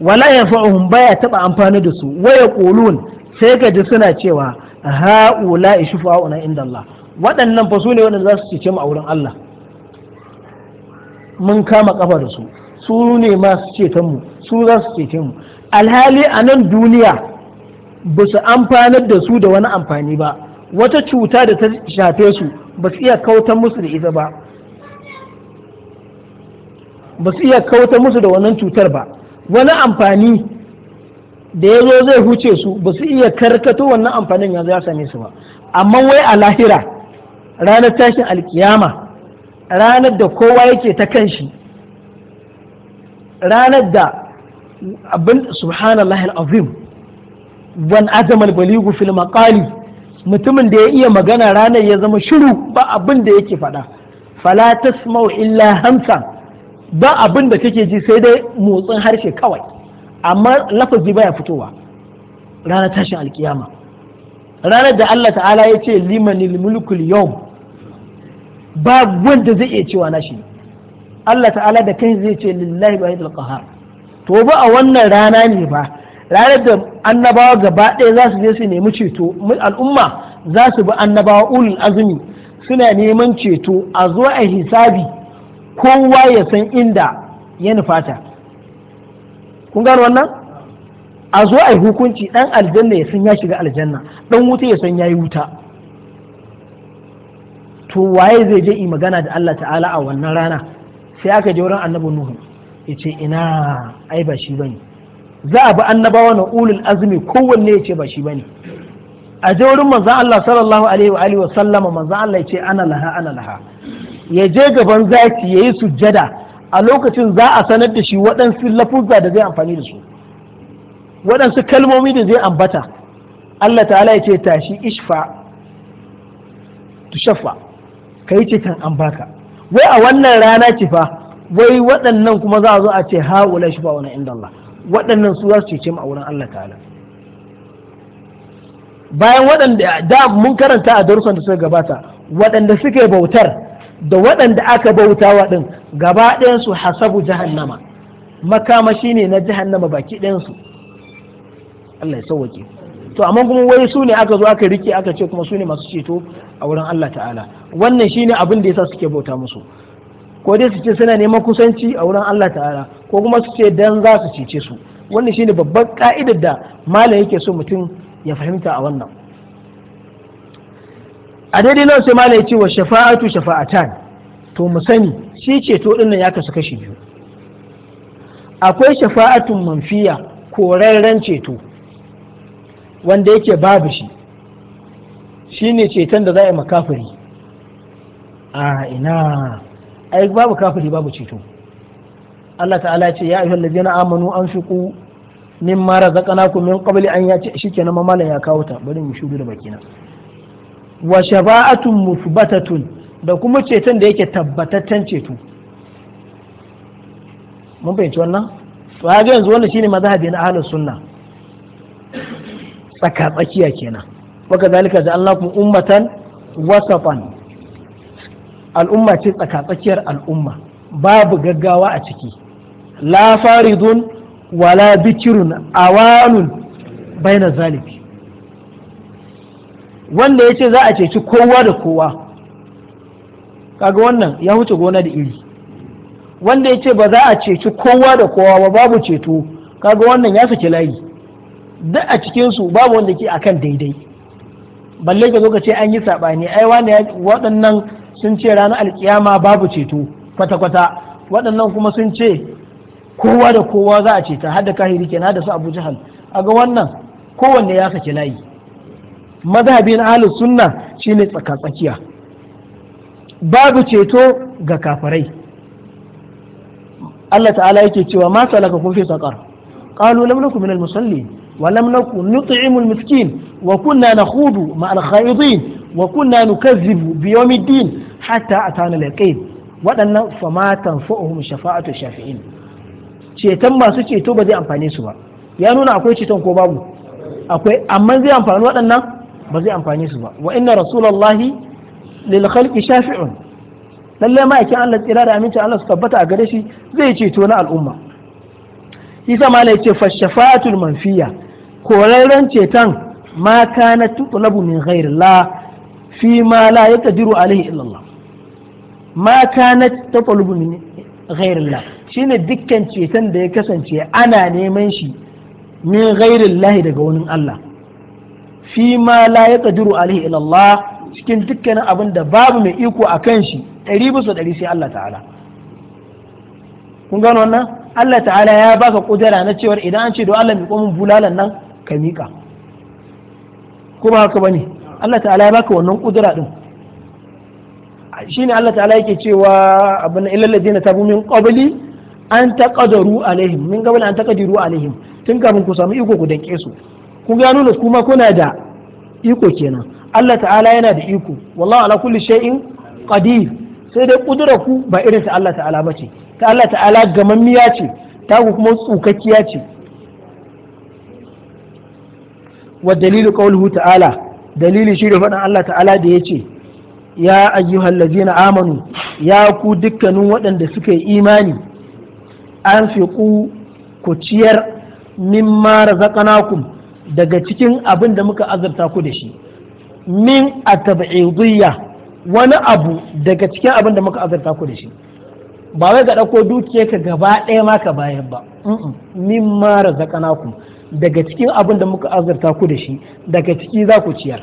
wala yanfa'uhum baya taba amfani da su waya qulun sai ka ji suna cewa ha'ula ishufa'una inda Allah waɗannan fa su ne waɗanda za su cece mu a wurin Allah mun kama ƙafa da su su ne masu ceton mu su za su cece mu alhali a nan duniya ba su amfanar da su da wani amfani ba wata cuta da ta shafe su ba su iya kautar musu da ita ba ba su iya kautar musu da wannan cutar ba wani amfani da ya zo zai huce su ba su iya karkato wannan amfanin yanzu ya same su ba amma wai a lahira ranar tashin alkiyama ranar da kowa yake ta kan shi ranar da abin subhanallah azim wan azamal baligu fil maqali mutumin da ya iya magana ranar ya zama shiru ba abin da yake faɗa fala tasma'u illa hamsa ba abin da kake ji sai dai motsin harshe kawai amma lafazi baya fitowa ranar tashin alkiyama ranar da Allah ta'ala ya ce limanil mulkul yau ba wanda zai iya cewa nashi Allah ta'ala da kai zai ce lillahi wahidul qahar to ba a wannan rana ne ba ranar da annabawa gaba ɗaya za su je su nemi ceto al'umma za su bi annabawa ulul azumi suna neman ceto a zuwa a hisabi kowa ya san inda ya nufata kun gano wannan a zo a yi hukunci dan aljanna ya san ya shiga aljanna ɗan wuta ya san ya yi wuta to waye zai je yi magana da Allah ta'ala a wannan rana sai aka je wurin annabi nuhu ya ce ina ai ba shi bane za a bi annabawa na ulul azumi kowanne ya ce ba shi bane a je wurin manzon Allah sallallahu alaihi wa alihi wa sallama manzon Allah ya ce ana laha ana laha ya je gaban zaki yayi sujjada a lokacin za a sanar da shi waɗansu lafuzza da zai amfani da su waɗansu kalmomi da zai ambata Allah ta'ala ya ce tashi ishfa tushaffa ka yi cikin an baka wai a wannan rana ce fa wai waɗannan kuma za a zo a ce ha'ula shi ba wani inda Allah waɗannan su za su cece mu a wurin Allah ta'ala bayan waɗanda da mun karanta a darussan da suka gabata waɗanda suke bautar da waɗanda aka bauta wa ɗin gaba ɗayansu hasabu jahannama makamashi ne na jahannama baki ɗayansu Allah ya sauwake to amma kuma wai su ne aka zo aka rike aka ce kuma su ne masu ceto a wurin Allah ta'ala wannan shine abin da yasa suke bauta musu ko dai su ce suna neman kusanci a wurin Allah ta'ala ko kuma su ce dan za su cece su wannan shine babbar ka'idar da malam yake so mutum ya fahimta a wannan a daidai nan sai malai ce wa shafa'atu shafa'atan to mu sani shi ceto to dinnan ya kasu kashi biyu akwai shafa'atun manfiya korarren ceto wanda yake babu shi shi ne ceton da za a makafiri a ina ai babu kafiri babu ceto Allah ta'ala ce ya ayyuhal ladina amanu anfiqu mimma razaqnakum min qabli an yati shikenan mamala ya kawo ta bari mu shudu da bakina wa shafa'atun musbatatun da kuma ceton da yake tabbataccen ceto mun fahimci wannan to ga yanzu wannan shine mazhabi na ahlus sunna tsaka tsakiya kenan waka zalika ja'alnakum ummatan wasatan al'umma ce tsaka tsakiyar al'umma babu gaggawa a ciki la faridun wala bikirun awanun baina zalibi wanda ya ce za a ceci kowa da kowa kaga wannan ya huce gona da iri wanda ya ce ba za a ceci kowa da kowa ba babu ceto kaga wannan ya saki layi da a cikinsu babu wanda ke akan daidai balle ka zo ka ce an yi saɓani ai waɗannan sun ce ranar alkiyama babu ceto kwata-kwata waɗannan kuma sun ce kowa da kowa za a ceta har da kahiri kenan da su abu jihal a ga wannan kowanne ya saki layi mazhabin ahlus sunna shine tsakatsakiya babu ceto ga kafirai Allah ta'ala yake cewa ma salaka kun fi saqar qalu lam nakum minal al miskin wa kunna nakhudu ma al khaidin wa kunna nukazzibu bi yawmiddin hatta a al yaqin waɗannan fama tanfa'uhum shafa'atu shafi'in ceton masu ceto ba zai amfane su ba ya nuna akwai ceton ko babu akwai zai amfani waɗannan ba zai amfane su ba wa inna rasulullahi lil khalqi shafi'un lalle ma'aikin Allah tsira da aminci Allah su tabbata a gare shi zai ceto na al'umma isa ma yace fashafatul manfiya korarren ceton ma kana tutlabu min la fi ma la yaqdiru alaihi illallah ma kana tutlabu min la shine dukkan ceton da ya kasance ana neman shi min ghairillah daga wani Allah fi ma la ya qadiru alaihi illa cikin dukkanin abin da babu mai iko a kan shi ɗari bisa ɗari sai Allah ta'ala kun gano wannan Allah ta'ala ya baka kudura na cewar idan an ce don Allah mai komin bulalan nan ka miƙa kuma haka bane Allah ta'ala ya baka wannan kudura din shine Allah ta'ala yake cewa abin illal ladina tabu min qabli an taqadaru alaihim min qabli an taqdiru alaihim tun kafin ku samu iko ku danke su kun ga nuna kuma kuna da iko kenan Allah ta'ala yana da iko wallahu ala kulli shay'in qadir sai dai kudura ku ba irin ta Allah ta'ala bace ta Allah ta'ala gamammiya ce ta kuma tsukakkiya ce wa dalilu qawluhu ta'ala dalili shi da faɗin Allah ta'ala da yace ya ayyuhallazina amanu ya ku dukkanin waɗanda suka yi imani an ku ku ciyar mimma razaqnakum daga cikin abin da muka azurta ku da shi min a wani abu daga cikin abin da muka azurta ku da shi ba wai ga ɗauko dukiyar ka gaba ɗaya ma ka bayar ba min mara razaqana ku daga cikin abin da muka azurta ku da shi daga ciki za ku ciyar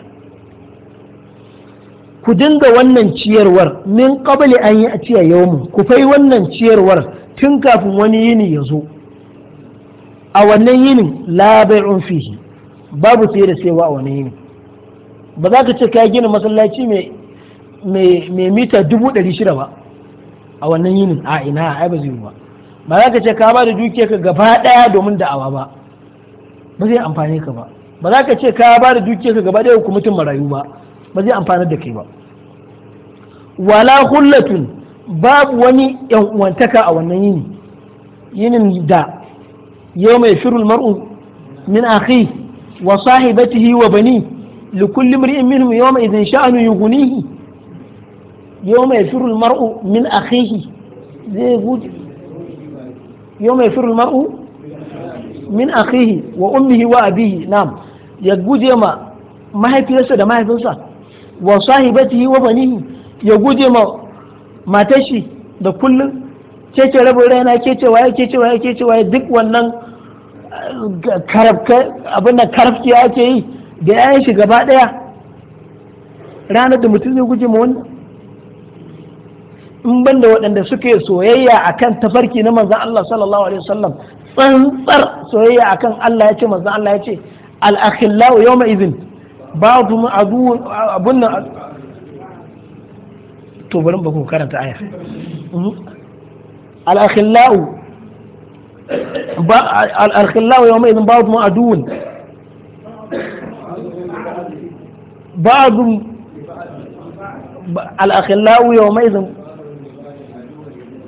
ku dinga wannan ciyarwar min kabali an yi a ciya mu ku fai wannan ciyarwar tun kafin wani yini ya zo a wannan yinin labarin fihi babu sai da sai wa wani ne ba za ka ce ka gina masallaci mai mita dubu ɗari shida ba a wannan yinin a ina a ba zai ba ba za ka ce ka ba da dukiyarka gaba ɗaya domin da'awa ba ba zai amfani ka ba ba za ka ce ka ba da dukiyarka gaba ɗaya hukumatin marayu ba ba zai amfani da kai ba wala hullatun babu wani yan uwantaka a wannan yini yinin da yau mai shirul mar'u min akhi wa sahibatihi wa bani li kulli imrin minhum yawma idhin sha'nu yughnihi yawma yafiru al-mar'u min akhihi zai guji yawma yafiru al-mar'u min akhihi wa ummihi wa abihi na'am ya guje ma mahaifiyarsa da mahaifinsa wa sahibatihi wa banihi ya guje ma matashi da kullum kece rabin rana kece duk wannan abinda da ya ake yi da yayan shi gaba ɗaya ranar da mutum zai guji ma in ban da waɗanda suke soyayya akan tafarki na manzan Allah sallallahu alaihi wasallam tsantsar soyayya akan Allah ya ce manzan Allah ya ce al-akhillahu yawma idhin ba'dhum aduwwun abunna to bari ba ku karanta aya mhm. al alkhillahu yawma idhin ba'dhum aduwwun ba'dhum alkhillahu yawma idhin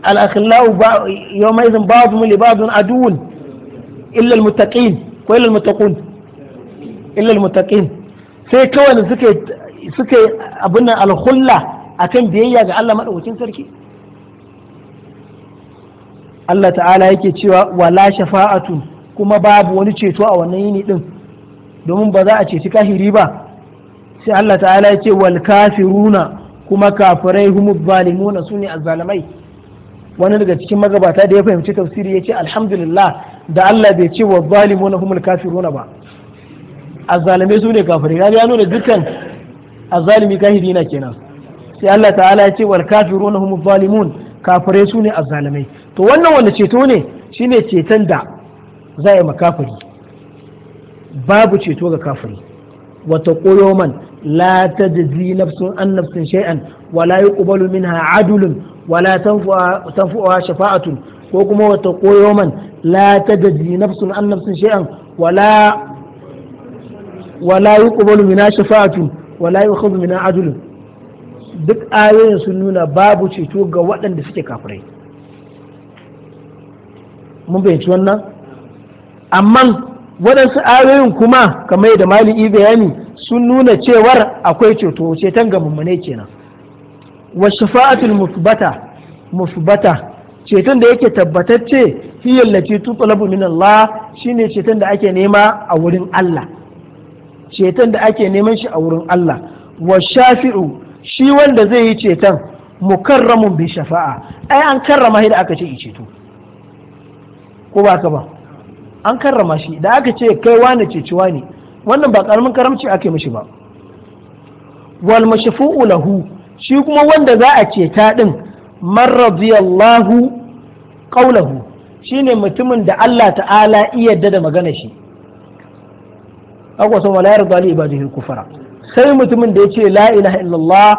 الأخلاء sai kawai da suke abin nan alhulla akan biyayya ga Allah madaukakin sarki Allah ta'ala yake cewa wala shafa'atu kuma babu wani ceto a wannan yini din domin ba za a ceci kahiri ba sai Allah ta'ala ya ce wal kafiruna kuma kafirai humu zalimuna sune azzalamai wani daga cikin magabata da ya fahimci tafsiri ya ce alhamdulillah da Allah bai ce wa zalimuna humul kafiruna ba azzalamai sune ne kafirai ya nuna dukkan azzalimi kahiri na kenan sai Allah ta'ala ya ce wal kafiruna humul zalimun kafirai su ne azzalamai to wannan wanda ceto ne shine ceton da za yi makafiri babu ceto ga kafiri wata koyoman la ta jazi nafsun an nafsin shay'an wala min ha adulun wala tanfu'a shafa'atun ko kuma wata koyoman la ta jazi nafsun an nafsin shay'an wala wala min ha shafa'atun wala min ha adulun duk ayoyin sun nuna babu ceto ga waɗanda suke kafirai mun fahimci wannan amma waɗansu ayoyin kuma kamar yadda mali'i bayani sun nuna cewar akwai ceto ceton ga mummune kenan wa shafa'atul musbata musbata ceton da yake tabbatacce hiyar lati tutalabu min Allah shine ceton da ake nema a wurin Allah ceton da ake neman shi a wurin Allah wa shafi'u shi wanda zai yi ceton mukarramun bi shafa'a ai an karrama shi da aka ce ceto ko ba ka ba an karrama shi da aka ce kai wane ceci ne wannan ba karamin karamci ake mishi ba wal mashfu'u lahu shi kuma wanda za a ceta din man radiyallahu qawlahu shine mutumin da Allah ta'ala iya da magana shi akwai sun wala yarda li ibadihi kufara sai mutumin da yace la ilaha illallah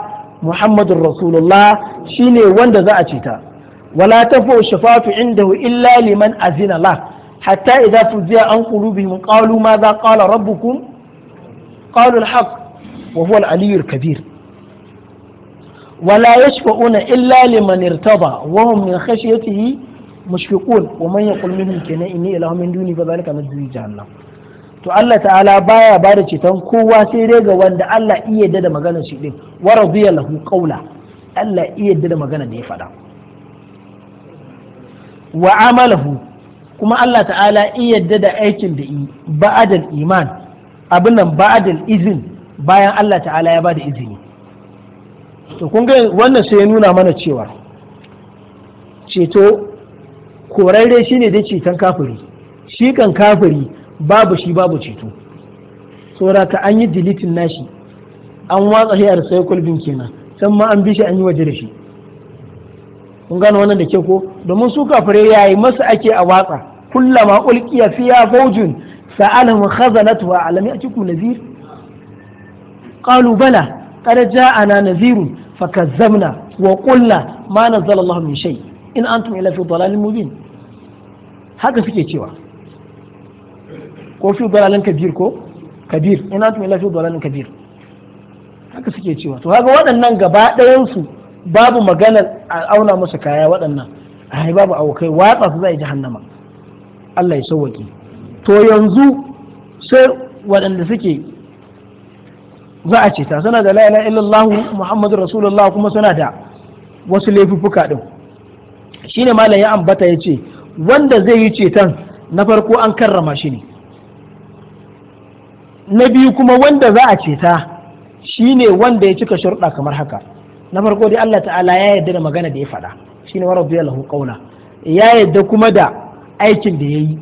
muhammadur rasulullah shine wanda za a ceta ولا تنفع الشفاعة عنده إلا لمن أذن له حتى إذا فزع عن قلوبهم قالوا ماذا قال ربكم قالوا الحق وهو العلي الكبير ولا يشفعون إلا لمن ارتضى وهم من خشيته مشفقون ومن يقول منهم كنا إني إله من دوني فذلك مجزي جهنم to Allah ta'ala baya ba da ceton kowa sai dai ga wanda Allah iya da maganar shi din wa radiya lahu qawla Allah iya da maganar da ya faɗa wa amalahu kuma Allah ta'ala iya yadda da aikin da ba'adal iman abin nan ba'adal izin bayan Allah ta'ala ya bada izini to kun ga wannan sai ya nuna mana cewa ceto korarre shine dai ceton kafiri shi kan kafiri babu shi babu ceto saboda ka an yi dilitin nashi an watsa hiyar sai kulbin kenan san ma an bi shi an yi waje da shi kun gano wannan da ke ko domin su kafirai yayi masa ake a watsa kullama ulqiya fiya fawjun sa'alahum khazanatuha alam ya'tikum nadhir qalu bala qad ja'ana nadhirun fakazzabna wa qulna ma nazzala Allah min shay in antum ila fi dalalin mubin haka suke cewa ko fi dalalin kabir ko kabir in antum ila fi dalalin kabir haka suke cewa to haka waɗannan gaba ɗayan su babu maganar a auna musu kaya waɗannan ai babu abokai watsa su zai jahannama Allah ya sauwake to yanzu sai waɗanda suke za a ce ta suna da la'ila ilaha illallah muhammadu rasulullah kuma suna da wasu ɗin. din shine malam ya ambata ya ce wanda zai yi ceton na farko an karrama shi ne na biyu kuma wanda za a ceta shine wanda ya cika shurɗa kamar haka na farko dai Allah ta'ala ya yarda da magana da ya faɗa shine wa rabbi lahu qawla ya yarda kuma da aikin da yayi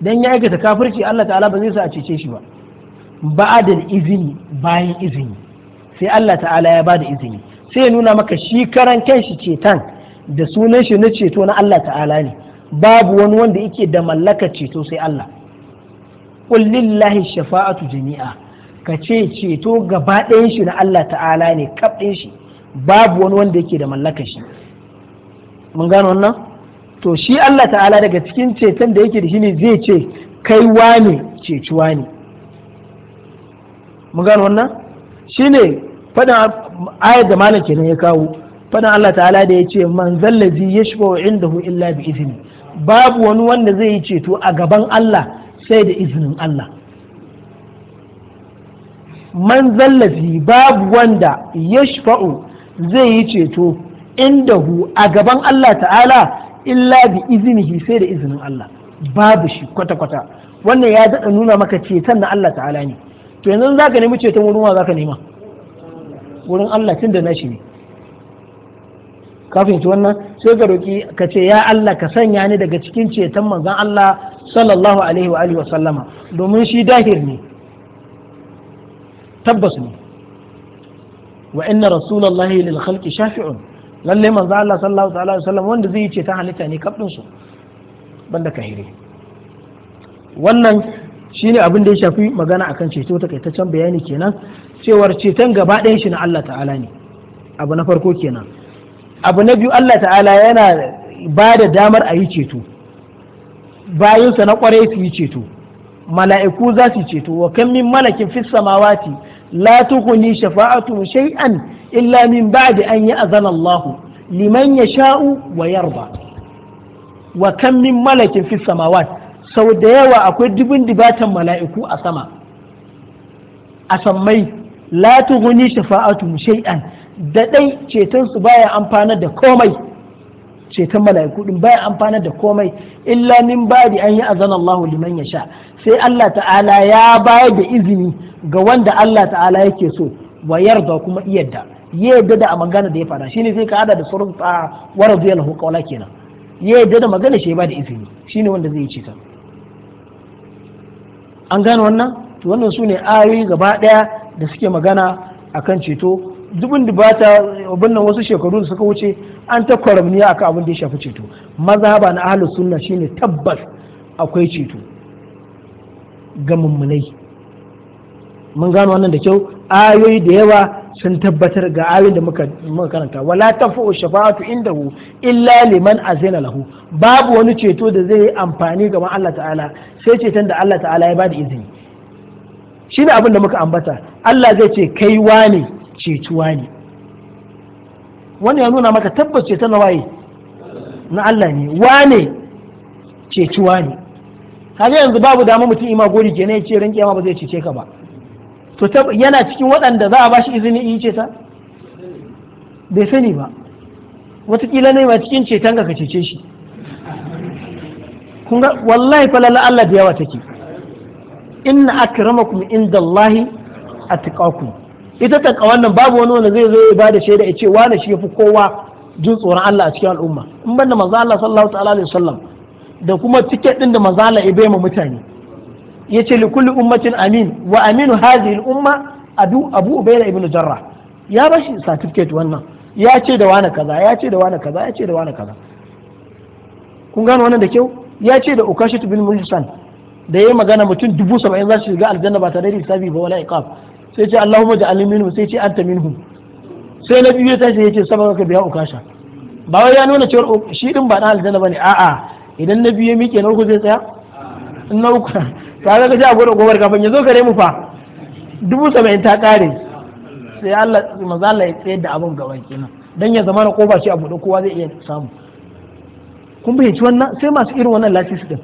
dan ya aikata kafirci Allah ta'ala ba zai sa a cece shi ba ba'adal izini bayan izini sai Allah ta'ala ya bada izini sai ya nuna maka shi karan kanshi cetan da sunan shi na ceto na Allah ta'ala ne babu wani wanda yake da mallaka ceto sai Allah qul shafa'atu jami'a ka ce ceto gaba ɗayan shi na Allah ta'ala ne kaf ɗin shi babu wani wanda yake da mallaka shi mun gano wannan to shi Allah ta'ala daga cikin ceton da yake da shi ne zai ce kai wane ceci ne. mun gano wannan Shi ne fadan ayar da malam kenan ya kawo fadan Allah ta'ala da ya ce man zallazi yashfa'u indahu illa bi izni babu wani wanda zai yi ceto a gaban Allah sai da izinin Allah man zallafi babu wanda yashfa'u zai yi ceto inda hu a gaban Allah ta'ala illa bi izinihi sai da izinin Allah babu shi kwata-kwata wannan ya daɗa nuna maka ceton na Allah ta'ala ne to yanzu za ka nemi ceton wurin wa za ka nema wurin Allah tun da nashi ne kafin ci wannan sai ka roƙi ka ce ya Allah ka sanya ni daga cikin ceton manzon Allah sallallahu alaihi wa alihi wa sallama domin shi dahir ne tabbas ne wa inna rasulullahi lil khalqi shafi'un lalle manzo Allah sallallahu alaihi wasallam wanda zai ce ta halitta ne kafin su banda kahire wannan shine abin da ya shafi magana akan ceto takaitaccen bayani kenan cewar ceton gaba ɗayan shi na Allah ta'ala ne abu na farko kenan abu na biyu Allah ta'ala yana ba da damar a yi ceto bayansa na kwarai su yi ceto mala'iku za su ceto wa kan min malakin fis samawati la tughni shafa'atu shay'an illa min ba'di an ya'zana Allahu liman yasha'u wa yarda wa kam min malakin fis sau da yawa akwai dubin dibatan mala'iku a sama a sammai la tughni shafa'atu shay'an da dai ceton su baya amfana da komai ceton mala'iku ɗin baya amfana da komai illa min ba'di an yi azan Allah liman ya sha sai Allah ta'ala ya bayar da izini ga wanda Allah ta'ala yake so wa yarda kuma iyadda yadda da a magana da ya fada shine sai ka hada da surta wa radiyallahu qawla kenan yadda da magana shi ba da izini shine wanda zai ci ta an gane wannan to wannan sune ayoyi gaba daya da suke magana akan ceto dubin bata abin nan wasu shekaru da suka wuce an ta kwaramniya akan abin da ya shafi ceto mazhaba na ahlus sunna shine tabbas akwai ceto ga mummunai mun gano wannan da kyau ayoyi da yawa sun tabbatar ga ayoyin da muka karanta wala tafu shafa'atu indahu illa liman azina lahu babu wani ceto da zai yi amfani gaban Allah ta'ala sai ceton da Allah ta'ala ya bada izini shine abin da muka ambata Allah zai ce kai wane cetuwa ne wannan ya nuna maka tabbas ceton na waye na Allah ne wane cetuwa ne kaga yanzu babu dama mutum ima gori kenan ya ce ran kiyama ba zai cece ka ba to yana cikin waɗanda za a ba shi izini yi ceta bai sani ba watakila ne ma cikin ceton ka cece shi kunga wallahi falala Allah da yawa take inna akramakum a atqakum ita takawan nan babu wani wanda zai zo ya bada shaida ya ce wane shi fi kowa jin tsoron Allah a cikin al'umma in banda manzo Allah sallallahu ta'ala alaihi wasallam da kuma tiket ɗin da manzo Allah ya bai mutane yace li kulli ummatin amin wa aminu hadhihi al-umma abu abu ubayda ibn jarrah ya bashi certificate wannan ya ce da wani kaza ya ce da wani kaza ya ce da wani kaza kun gano wannan da kyau ya ce da ukashit bin muhsan da yayi magana mutum dubu saba'in za su shiga aljanna ba tare da hisabi ba wala iqab sai ce Allahumma ja'al minhum sai ce anta minhum sai na biyu ya tashi ya ce sabaka biya ukasha ba wai ya nuna cewa shi din ba dan aljanna bane a'a idan na biyu ya miƙe na uku zai tsaya na uku ka ga gaji a gudun gobar kafin ya zo gare mu fa dubu saba'in ta kare sai Allah maza Allah ya tsayar da abin gaban kenan dan ya zama na kofa shi a buɗe kowa zai iya samu kun fahimci wannan sai masu irin wannan su din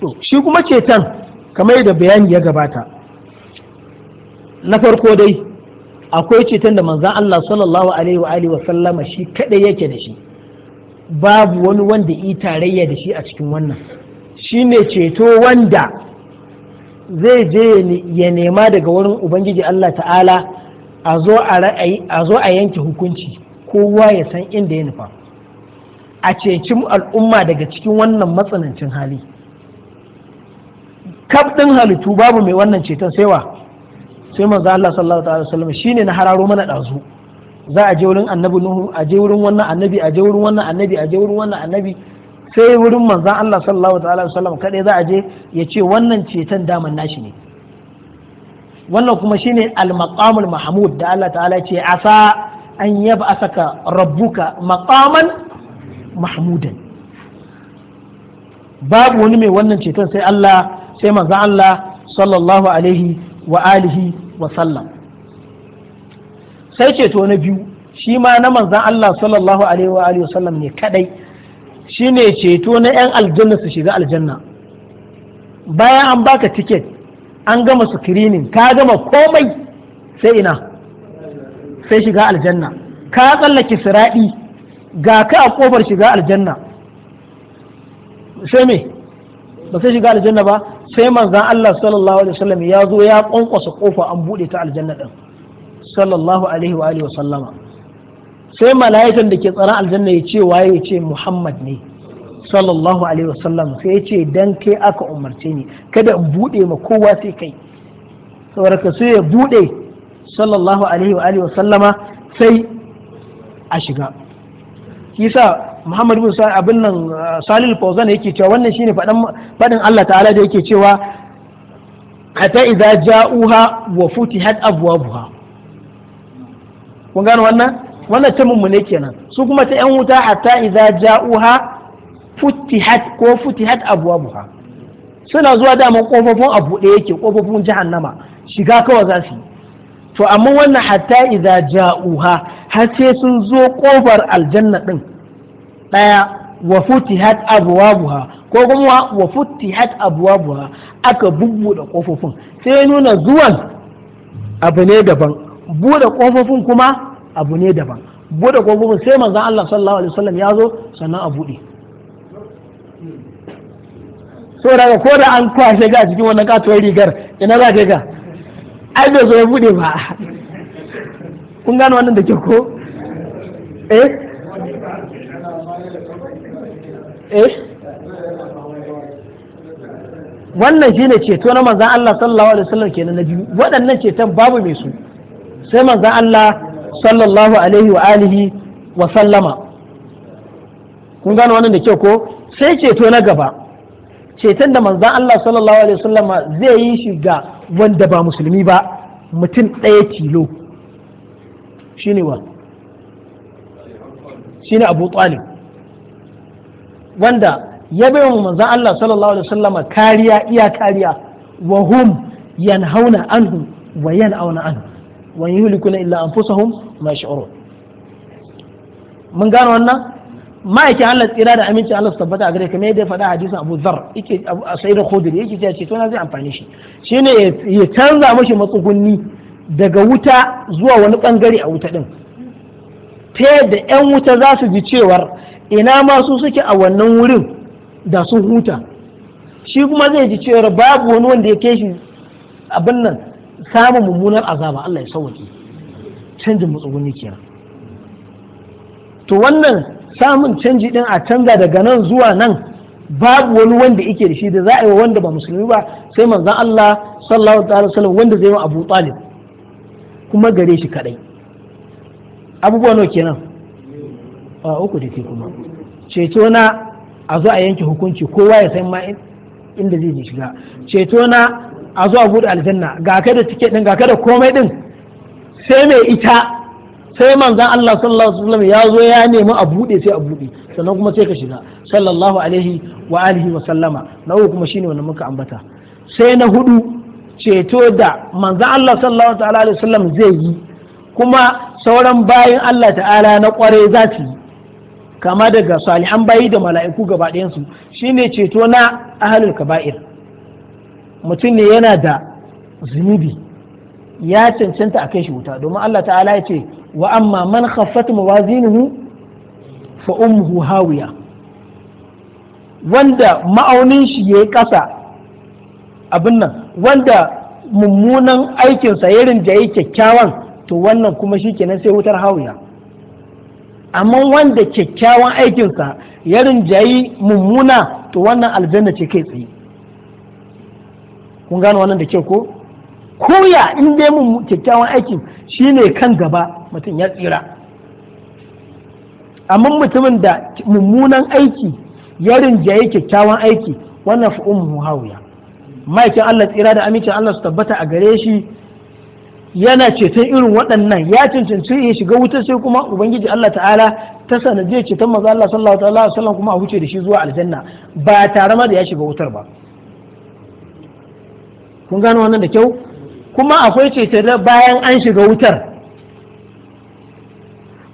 to shi kuma ceton kamar yadda bayani ya gabata na farko dai akwai ceton da manzan Allah sallallahu alaihi wa alihi wa sallama shi kadai yake da shi babu wani wanda yi tarayya da shi a cikin wannan shi ne ceto wanda zai je ya nema daga wurin ubangiji Allah ta'ala a zo a yanke hukunci kowa ya san inda ya nufa a ceci al'umma daga cikin wannan matsanancin hali kaf ɗin halittu babu mai wannan ceton sai wa sai manzo Allah sallallahu alaihi wasallam shine na hararo mana ɗazu. za a je wurin annabi nuhu a je wurin wannan annabi a je wurin wannan annabi a je wurin wannan annabi sai wurin manzon Allah sallallahu ta'ala wasallam kadai za a je ya ce wannan ceton daman nashi ne wannan kuma shine al-maqamul mahmud da Allah ta'ala ce asa an yab'asaka rabbuka maqaman mahmudan babu wani mai wannan ceton sai Allah sai manzon Allah sallallahu alaihi wa alihi wa sallam sai ceto na biyu shi ma na manzan Allah sallallahu alaihi wa alihi wasallam ne kadai shine ceto na yan aljanna su shiga aljanna bayan an baka tiket an gama screening ka gama komai sai ina sai shiga aljanna ka tsallake siradi ga ka a kofar shiga aljanna sai me ba sai shiga aljanna ba sai manzan Allah sallallahu alaihi wasallam ya zo ya kwankwasa kofa an bude ta aljanna din sallallahu alaihi wa alihi sallama sai mala'ikan da ke tsaron aljanna ya ce waye ya ce muhammad ne sallallahu alaihi wa sallam sai ya ce dan kai aka umarce ni kada in bude ma kowa sai kai saboda sai ya bude sallallahu alaihi wa alihi sallama sai a shiga kisa Muhammad bin s.a abin nan uh, Salil Fawzan yake cewa wannan shine fadan fadin Allah ta'ala da yake cewa hatta idza ja'uha wa futihat abwabuha kun gano wannan wannan ta mummune kenan su kuma ta yan wuta hatta idza ja'uha futihat ko futihat abwabuha suna zuwa da mun kofofin abu da yake kofofin jahannama shiga kawai za su to amma wannan hatta idza ja'uha har sai sun zo kofar aljanna din daya wa futihat abwabuha ko kuma wa futihat abwabuha aka bubbuɗe kofofin sai nuna zuwan abu ne daban bude kofofin kuma abu ne daban bude kofofin sai manzon Allah sallallahu alaihi wasallam ya zo sannan a bude so daga ko da an kwashe ga cikin wannan katuwar rigar ina za ka ga ai bai zo ya bude ba kun gano wannan da ke ko eh eh wannan shine ceto na manzon Allah sallallahu alaihi wasallam kenan na biyu waɗannan ceton babu mai su sai manzan Allah sallallahu alaihi wa alihi wa sallama kun gano wannan da kyau ko sai ceto na gaba ceton da manzan Allah sallallahu alaihi wa sallama zai yi shi ga wanda ba musulmi ba mutum ɗaya tilo shine wa shine Abu Talib wanda ya bai wa manzan Allah sallallahu alaihi sallama kariya iya kariya wa hum hauna anhu wa yan auna anhu wa yuhlikuna illa anfusahum ma yash'urun mun gano wannan ma'aikin Allah tsira da amincin Allah su tabbata a gare kamar yadda ya faɗa hadisin Abu Zar yake a sai da Khudri yake cewa ceto na zai amfani shi shine ya canza mashi matsugunni daga wuta zuwa wani bangare a wuta din ta yadda yan wuta za su ji cewar ina ma su suke a wannan wurin da sun huta shi kuma zai ji cewar babu wani wanda ya kai shi abin nan samun mummunar azaba Allah ya sauwake canjin matsuguni kenan to wannan samun canji din a canza daga nan zuwa nan babu wani wanda yake da shi da za a yi wanda ba musulmi ba sai manzan Allah sallallahu alaihi wasallam wanda zai yi Abu Talib kuma gare shi kadai abubuwa nawa kenan a uku da ke kuma ceto na a zo a yanke hukunci kowa ya san ma inda zai shiga ceto na a zuwa buɗe aljanna ga ka da tike ɗin, ga ka da komai ɗin, sai mai ita sai manzan Allah sallallahu alaihi wasallam ya zo ya nemi a buɗe sai a buɗe sannan kuma sai ka shiga sallallahu alaihi wa alihi wa sallama na uku kuma shine wannan muka ambata sai na hudu ceto da manzan Allah sallallahu alaihi wasallam zai yi kuma sauran bayan Allah ta'ala na kware za su yi kama daga salihan bayi da mala'iku gaba su shine ceto na ahlul kaba'ir mutum ne yana da zunubi ya cancanta a kai shi wuta domin Allah ta'ala ya ce wa amma man khaffat mawazinuhu fa ummuhu hawiya wanda ma'aunin shi yayi kasa abin nan wanda mummunan aikinsa ya yake kyakkyawan to wannan kuma shikenan sai wutar hawiya amma wanda kyakkyawan aikinsa ya rinjayi mummuna to wannan aljanna ce kai tsaye kun gano wannan da kyau ko koya in dai mun kyakkyawan aikin shine kan gaba mutum ya tsira amma mutumin da mummunan aiki ya rinjaye kyakkyawan aiki wannan fa ummu hawiya ma'aikin Allah tsira da amincin Allah su tabbata a gare shi yana ceton irin waɗannan ya cancanci ya shiga wuta sai kuma ubangiji Allah ta'ala ta sanadiyar ceton maza Allah sallallahu alaihi wasallam kuma a wuce da shi zuwa aljanna ba tare ma da ya shiga wutar ba kun gano wannan da kyau kuma akwai ceto da bayan an shiga wutar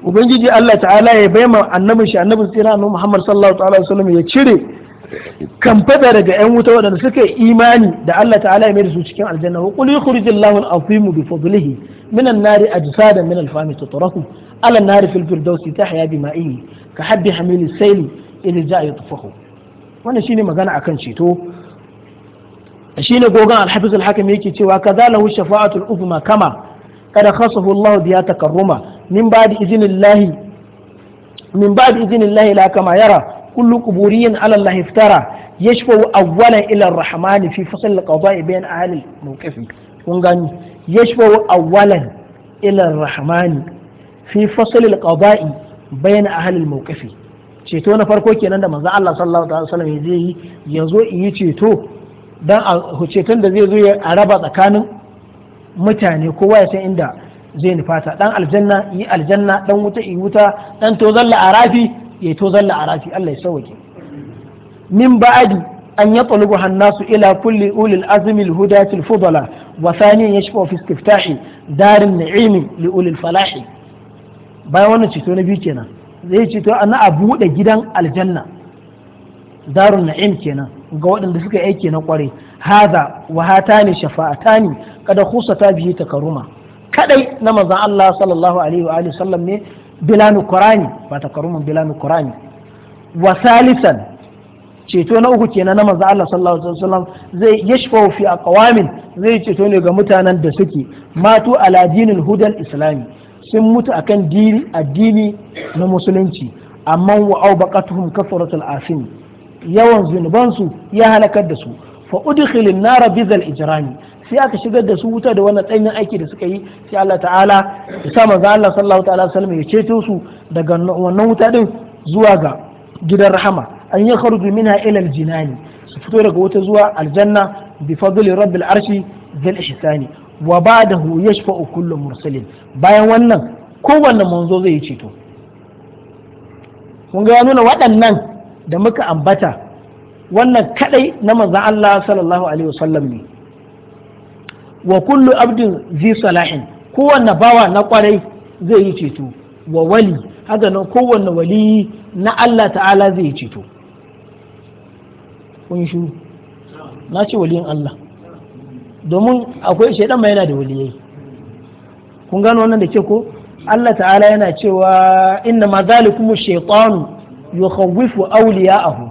ubangiji Allah ta'ala ya bai ma annabin shi annabin tsira annabi Muhammad sallallahu ta'ala wasallam ya cire kamfada daga yan wuta waɗanda suka yi imani da Allah ta'ala ya mai da su cikin aljanna wa qul yukhrijillahu al-azim bi fadlihi min an-nari ajsadan min al-fahmi tutraku ala an-nari fil firdausi tahya bi ma'ihi ka habbi hamil as-sayl idza ja'a yatfahu wannan shine magana akan ceto shine gogon al-hafiz al-hakimi yake cewa kadhalahu shafa'atul uzma kama kada khasahu Allah biya takarruma min ba'di iznillahi min ba'di iznillahi la kama yara kullu quburiyyin ala Allah iftara yashfa'u awwalan ila ar fi fasl al bayn ahli mawqifi kun gani yashfa'u awwalan ila fi fasl al bayn ahli mawqifi ceto na farko kenan da manzo Allah sallallahu alaihi wasallam zai yi yanzu yi ceto don a huceton da zai zo ya raba tsakanin mutane kowa ya san inda zai nufata dan aljanna yi aljanna dan wuta yi wuta dan tozalla a rafi ya tozalla a rafi Allah ya sauke min ba'adi an yatlubu hannasu ila kulli ulil azmi al hudatil fudala wa thaniyan yashfa fi istiftahi darin na'im li ulil falahi bayan wannan ceto na biyu kenan zai cito ana a buɗe gidan aljanna darun na'im kenan ga waɗanda suka aiki na kware haza wa hatani shafa'atani kada khusata bihi takaruma kadai na manzon Allah sallallahu alaihi wa alihi sallam ne bila nukurani ba takaruman bila nukurani wa salisan ceto na uku kenan na manzon Allah sallallahu alaihi wasallam zai yashfa fi aqwamin zai ceto ne ga mutanen da suke matu ala dinil hudal islami sun mutu akan dini addini na musulunci amma wa aubaqatuhum kafaratul asimi yawan zunubansu ya halakar da su fa udkhilin nara bizal ijrami sai aka shigar da su wuta da wannan danyen aiki da suka yi sai Allah ta'ala ya sa manzo Allah sallallahu ta'ala wasallam ya ceto su daga wannan wuta din zuwa ga gidan rahama an ya kharuju minha ila aljinani su fito daga wuta zuwa aljanna bi fadli rabbil arshi zal ihsani wa ba'dahu yashfa'u kullu mursalin bayan wannan kowanne manzo zai ceto mun ga nuna waɗannan da muka ambata wannan kadai na manzan Allah sallallahu alaihi wasallam ne wa kullu abdin zi salahin kowanne bawa na kwarai zai yi ceto wa wali haka nan kowanne wali na Allah ta'ala zai yi ceto kun shiru na ce waliyin Allah domin akwai shaidan ma yana da waliyai kun gano wannan da ke ko Allah ta'ala yana cewa inna ma zalikumu shaytanu yukhawwifu awliya'ahu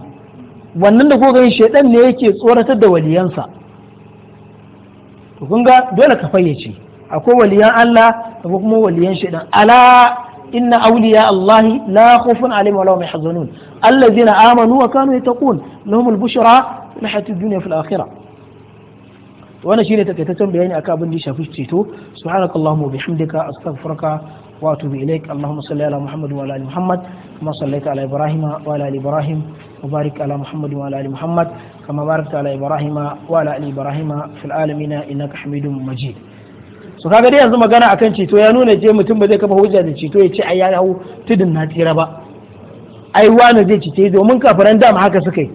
wannan da gogon shaidan ne yake tsoratar da waliyansa to dole ka fayyace akwai waliyan Allah akwai kuma waliyan shaidan ala inna awliya Allah la khawfun alaihim wa la hum yahzanun allazina amanu wa kanu yattaqun lahum al-bushra fil hayati dunya fil akhirah wannan shine takaitaccen bayani akan abin da ya shafi ceto subhanakallahumma wa bihamdika astaghfiruka واتوب اليك اللهم صل على محمد وعلى ال محمد كما صليت على ابراهيم وعلى ال ابراهيم وبارك على محمد وعلى ال محمد كما باركت على ابراهيم وعلى ال ابراهيم في العالمين انك حميد مجيد So kaga dai yanzu magana akan ceto ya nuna je mutum ba zai kafa hujja da ceto ya ce ai ya hau tudun na tsira ba ai wani zai cice domin kafiran dama haka suka yi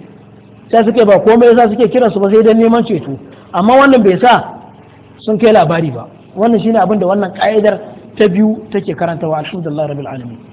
sai suka ba komai yasa suke kiransu ba sai dan neman ceto amma wannan bai sa sun kai labari ba wannan shine abin da wannan ka'idar ta biyu take karantawa alhamdulillah rabbil alamin